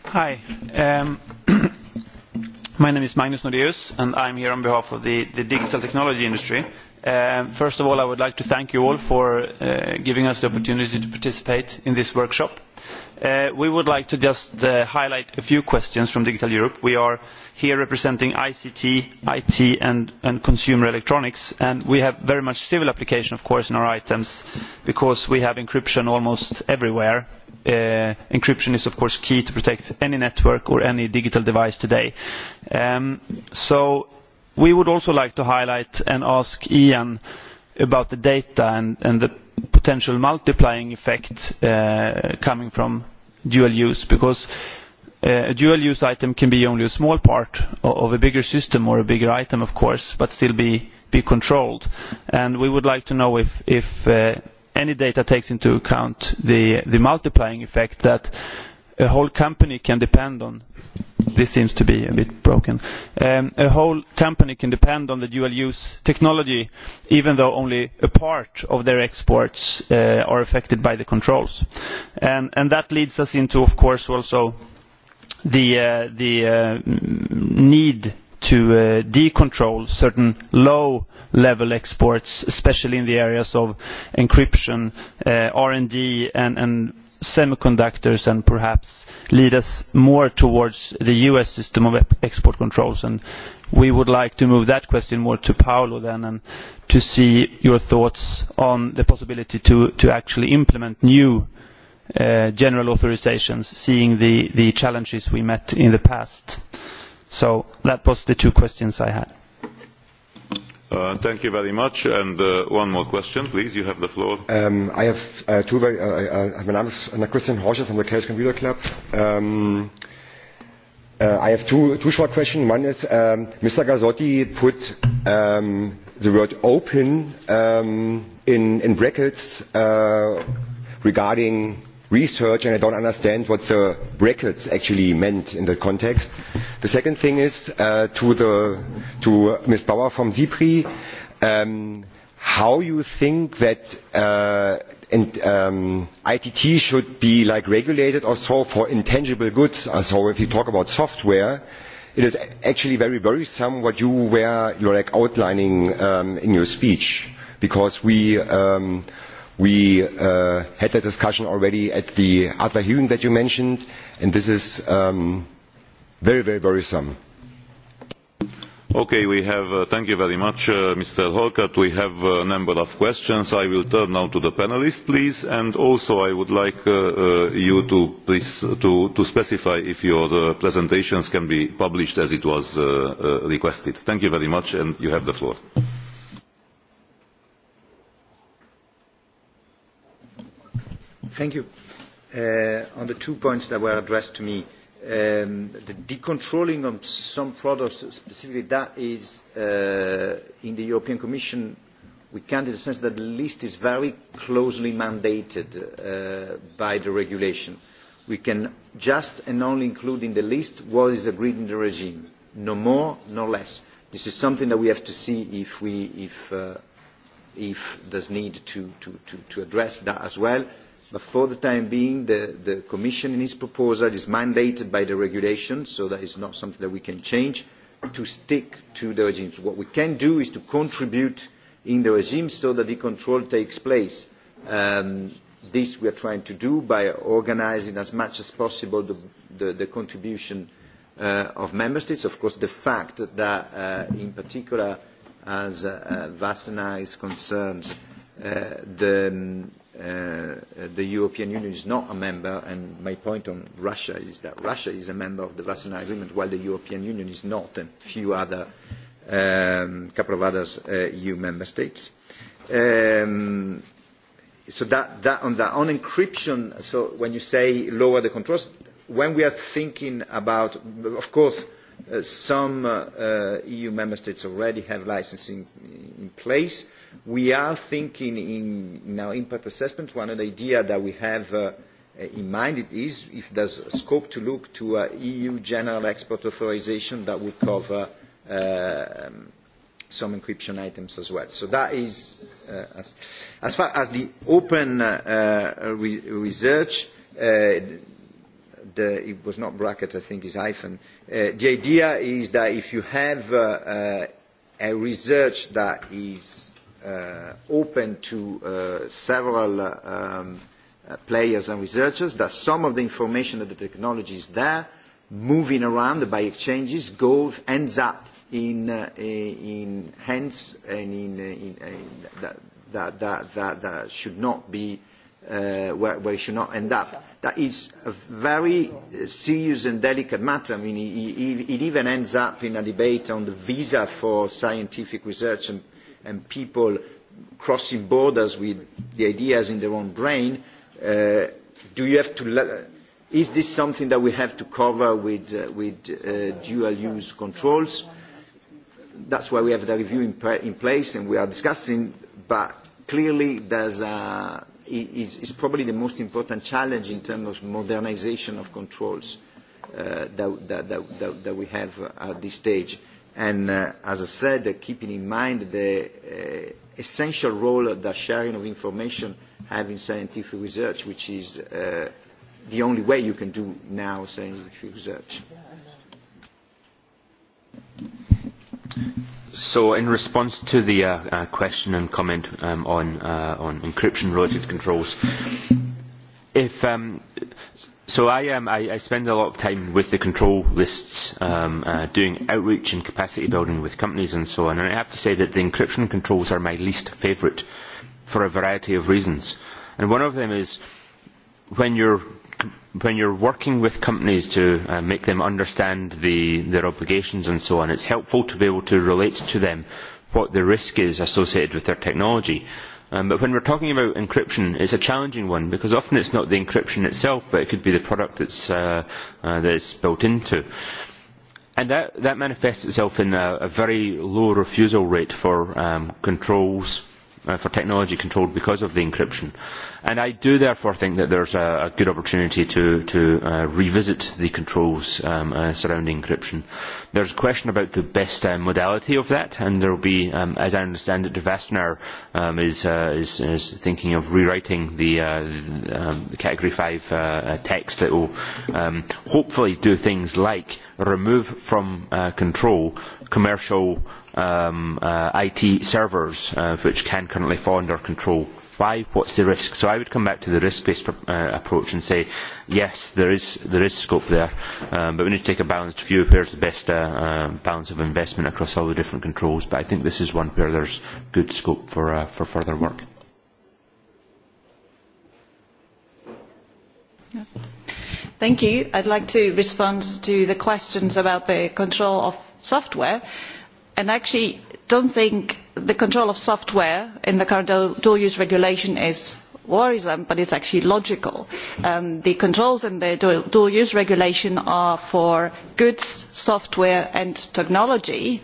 H: hi um, [CLEARS THROAT] my name is magnus nordeus and i am here on behalf of the, digital technology industry. Um, first of all i would like to thank you all for uh, giving us the opportunity to participate in this workshop. Uh, we would like to just uh, highlight a few questions from digital europe. we are here representing ict it and, consumer electronics and we have very much civil application of course in our items because we have encryption almost everywhere. Uh, encryption is of course key to protect any network or any digital device today. Um, so we would also like to highlight and ask ian about the data and, the potential multiplying effect coming from dual use because uh, a dual use item can be only a small part of a bigger system or a bigger item of course but still be, be controlled and we would like to know if, if uh, any data takes into account the, the multiplying effect that a whole company can depend on this seems to be a bit broken um, a whole company can depend on the dual use technology even though only a part of their exports uh, are affected by the controls and, and that leads us into of course also the uh, the uh, need to uh, decontrol certain low level exports especially in the areas of encryption uh, R&D and and semiconductors and perhaps lead us more towards the US system of export controls and we would like to move that question more to Paolo then and to see your thoughts on the possibility to, to actually implement new uh, general authorizations seeing the, the challenges we met in the past. So that was the two questions I had.
B: Uh, thank you very much. And uh, one more question, please. You have the floor.
H: Um, I have uh, two very. Uh, my name is Christian Horscher
C: from the Chaos Computer Club. Um, I have two, short questions. One is um, Mr. Gazotti put um, the word open um, in, in brackets regarding research and I don't understand what the brackets actually meant in the context. The second thing is uh, to, the, uh, Ms. Bauer from ZIPRI, um, how you think that uh, um, ITT should be like regulated or so for intangible goods. So if you talk about software, it is actually very worrisome what you were like outlining um, in your speech because we we uh, had that discussion already at the other hearing that you mentioned and this is um, very very worrisome.
B: Okay, we have, uh, thank you very much uh, Mr. Holkert. We have uh, a number of questions. I will turn now to the panelists, please, and also I would like uh, uh you to, please, to, to specify if your presentations can be published as it was requested. Thank you very much and you have the floor.
C: Thank you. Uh, on the two points that were addressed to me, um, the decontrolling of some products, specifically that is uh, in the European Commission, we can in the sense that the list is very closely mandated uh, by the regulation. We can just and only include in the list what is agreed in the regime, no more, no less. This is something that we have to see if, we, if, uh, if there's need to, to, to, to address that as well but for the time being the, the commission in its proposal is mandated by the regulation so that is not something that we can change to stick to the regimes. what we can do is to contribute in the regime so that the control takes place. Um, this we are trying to do by organising as much as possible the, the, contribution uh, of member states. of course the fact that uh, in particular as uh, Vassana is concerned uh, the um, Uh, the European Union is not a member, and my point on Russia is that Russia is a member of the Wassenaar Agreement, while the European Union is not, and a few other, um, couple of other uh, EU member states. Um, so that, that on that, on encryption, so when you say lower the controls, when we are thinking about, of course, uh, some EU member states already have licensing in place, We are thinking in, in our impact assessment, one of the idea that we have uh, uh in mind it is if there's scope to look to uh, EU general export authorization that would cover uh, um, some encryption items as well. So that is, uh, as, as far as the open uh, uh, re research, uh, the, it was not bracket, I think is hyphen. Uh, the idea is that if you have uh, uh, a research that is uh, open to uh, several um, uh, players and researchers, that some of the information that the technology is there, moving around by exchanges, goes, ends up in, uh, in hands and in, uh, in, in that, that, that, that, should not be uh, where, where it should not end up. That is a very serious and delicate matter. I mean, it, it even ends up in a debate on the visa for scientific research and and people crossing borders with the ideas in their own brain uh, do you have to is this something that we have to cover with, uh, with uh, dual use controls that's why we have the review in, pa-, in place and we are discussing but clearly there's a is, is probably the most important challenge in terms of modernization of controls uh, that, that, that, that we have at this stage and uh, as I said, uh, keeping in mind the uh, essential role that sharing of information have in scientific research, which is uh, the only way you can do now scientific research.
D: So, in response to the uh, uh, question and comment um, on, uh, on encryption-related controls, Um, so um, I, spend a lot of time with the control lists um, uh, doing outreach and capacity building with companies and so on and I have to say that the encryption controls are my least favourite for a variety of reasons one of them is when you are working with companies to uh, make them understand their obligations and so on it is helpful to be able to relate to them what the risk is associated with their technology Um, but when we're talking about encryption, it's a challenging one because often it's not the encryption itself, but it could be the product that's, uh, uh, built into. And that, manifests itself in a, very low refusal rate for um, controls, Uh, for technology control because of the encryption. And I do therefore think that there's a, a good opportunity to, to uh, revisit the controls um, uh, surrounding encryption. There's a question about the best uh, modality of that, and there will be, um, as I understand it, Vastner um, is, uh, is, is thinking of rewriting the, uh, um, the Category 5 text that will um, hopefully do things like remove from control commercial um, uh, IT servers uh, which can currently fall under control? Why? What's the risk? So I would come back to the risk-based uh, approach and say, yes, there is, there is scope there, um, but we need to take a balanced view of where's the best um, balance of investment across all the different controls. But I think this is one where there's good scope for, for further work.
E: I Thank you. I'd like to respond to the questions about the control of software and actually do not think the control of software in the current dual use regulation is worrisome but it is actually logical. Um, the controls in the dual use regulation are for goods software and technology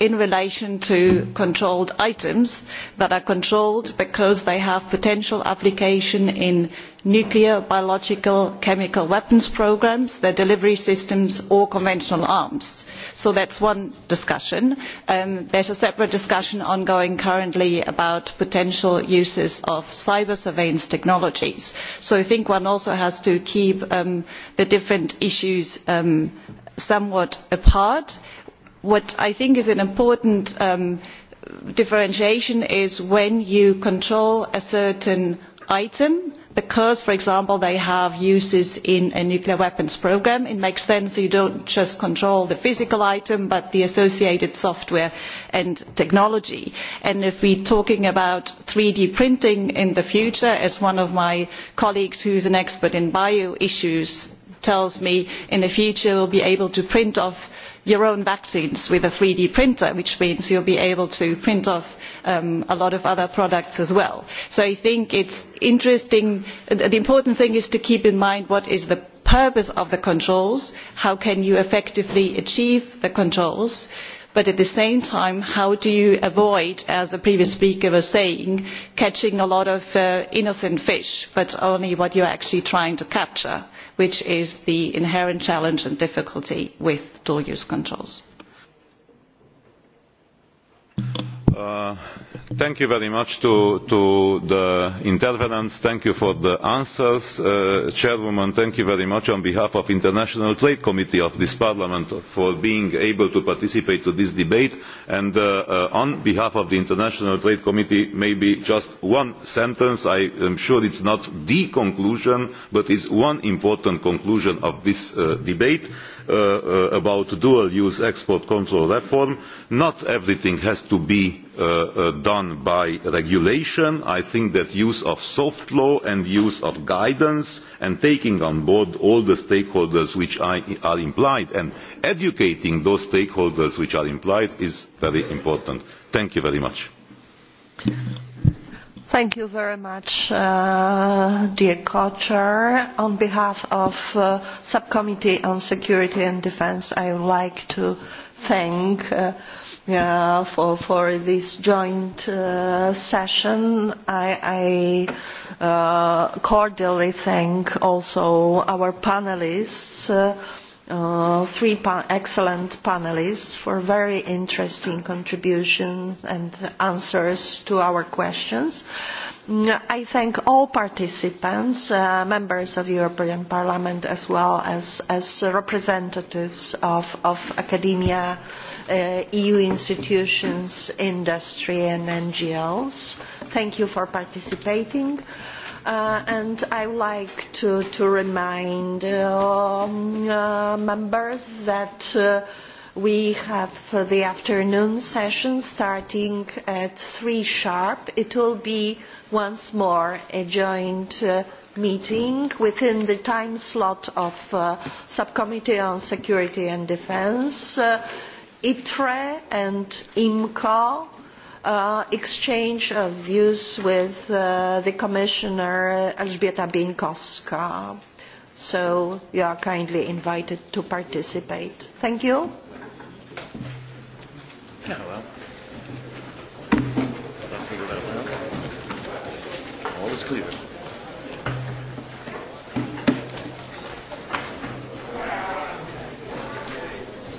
E: in relation to controlled items that are controlled because they have potential application in nuclear biological chemical weapons programmes their delivery systems or conventional arms. so that is one discussion. Um, there is a separate discussion ongoing currently about potential uses of cyber surveillance technologies so i think one also has to keep um, the different issues um, somewhat apart. what i think is an important differentiation is when you control a certain item because for example they have uses in a nuclear weapons programme it makes sense that you do not just control the physical item but the associated software and technology. if we are talking about three d printing in the future as one of my colleagues who is an expert in bio issues tells me in the future we will be able to print off your own vaccines with a 3D printer, which means you will be able to print off um, a lot of other products as well. So I think it's interesting. The important thing is to keep in mind what is the purpose of the controls, how can you effectively achieve the controls, but at the same time how do you avoid as the previous speaker was saying catching a lot of uh, innocent fish but only what you are actually trying to capture? which is the inherent challenge and difficulty with dual use controls.
B: Uh, thank you very much to, the intervenants. Thank you for the answers. Uh, Chairwoman, thank you very much on behalf of the International Trade Committee of this Parliament for being able to participate in this debate. And uh, on behalf of the International Trade Committee, maybe just one sentence. I am sure it is not the conclusion, but it is one important conclusion of this debate Uh, uh, about dual use export control reform not everything has to be uh, done by regulation i think that use of soft law and use of guidance and taking on board all the stakeholders which are implied and educating those stakeholders which are implied is very important. thank you very much.
A: Thank you very much, uh, dear co-chair. On behalf of uh, Subcommittee on Security and Defense, I would like to thank uh, for, for this joint uh, session. I, I uh, cordially thank also our panelists Uh, three pa-, excellent panelists for very interesting contributions and answers to our questions. I thank all participants, uh, members of the European Parliament as well as, as representatives of, academia, uh, EU institutions, industry and NGOs. Thank you for participating. Uh, and I would like to, remind um, uh, members that uh, we have the afternoon session starting at 3 sharp. It will be once more a joint meeting within the time slot of Subcommittee on Security and Defence, ITRE and IMCO Uh, exchange of views with uh, the Commissioner Elżbieta Binkowska. So you are kindly invited to participate. Thank you.
B: All is clear.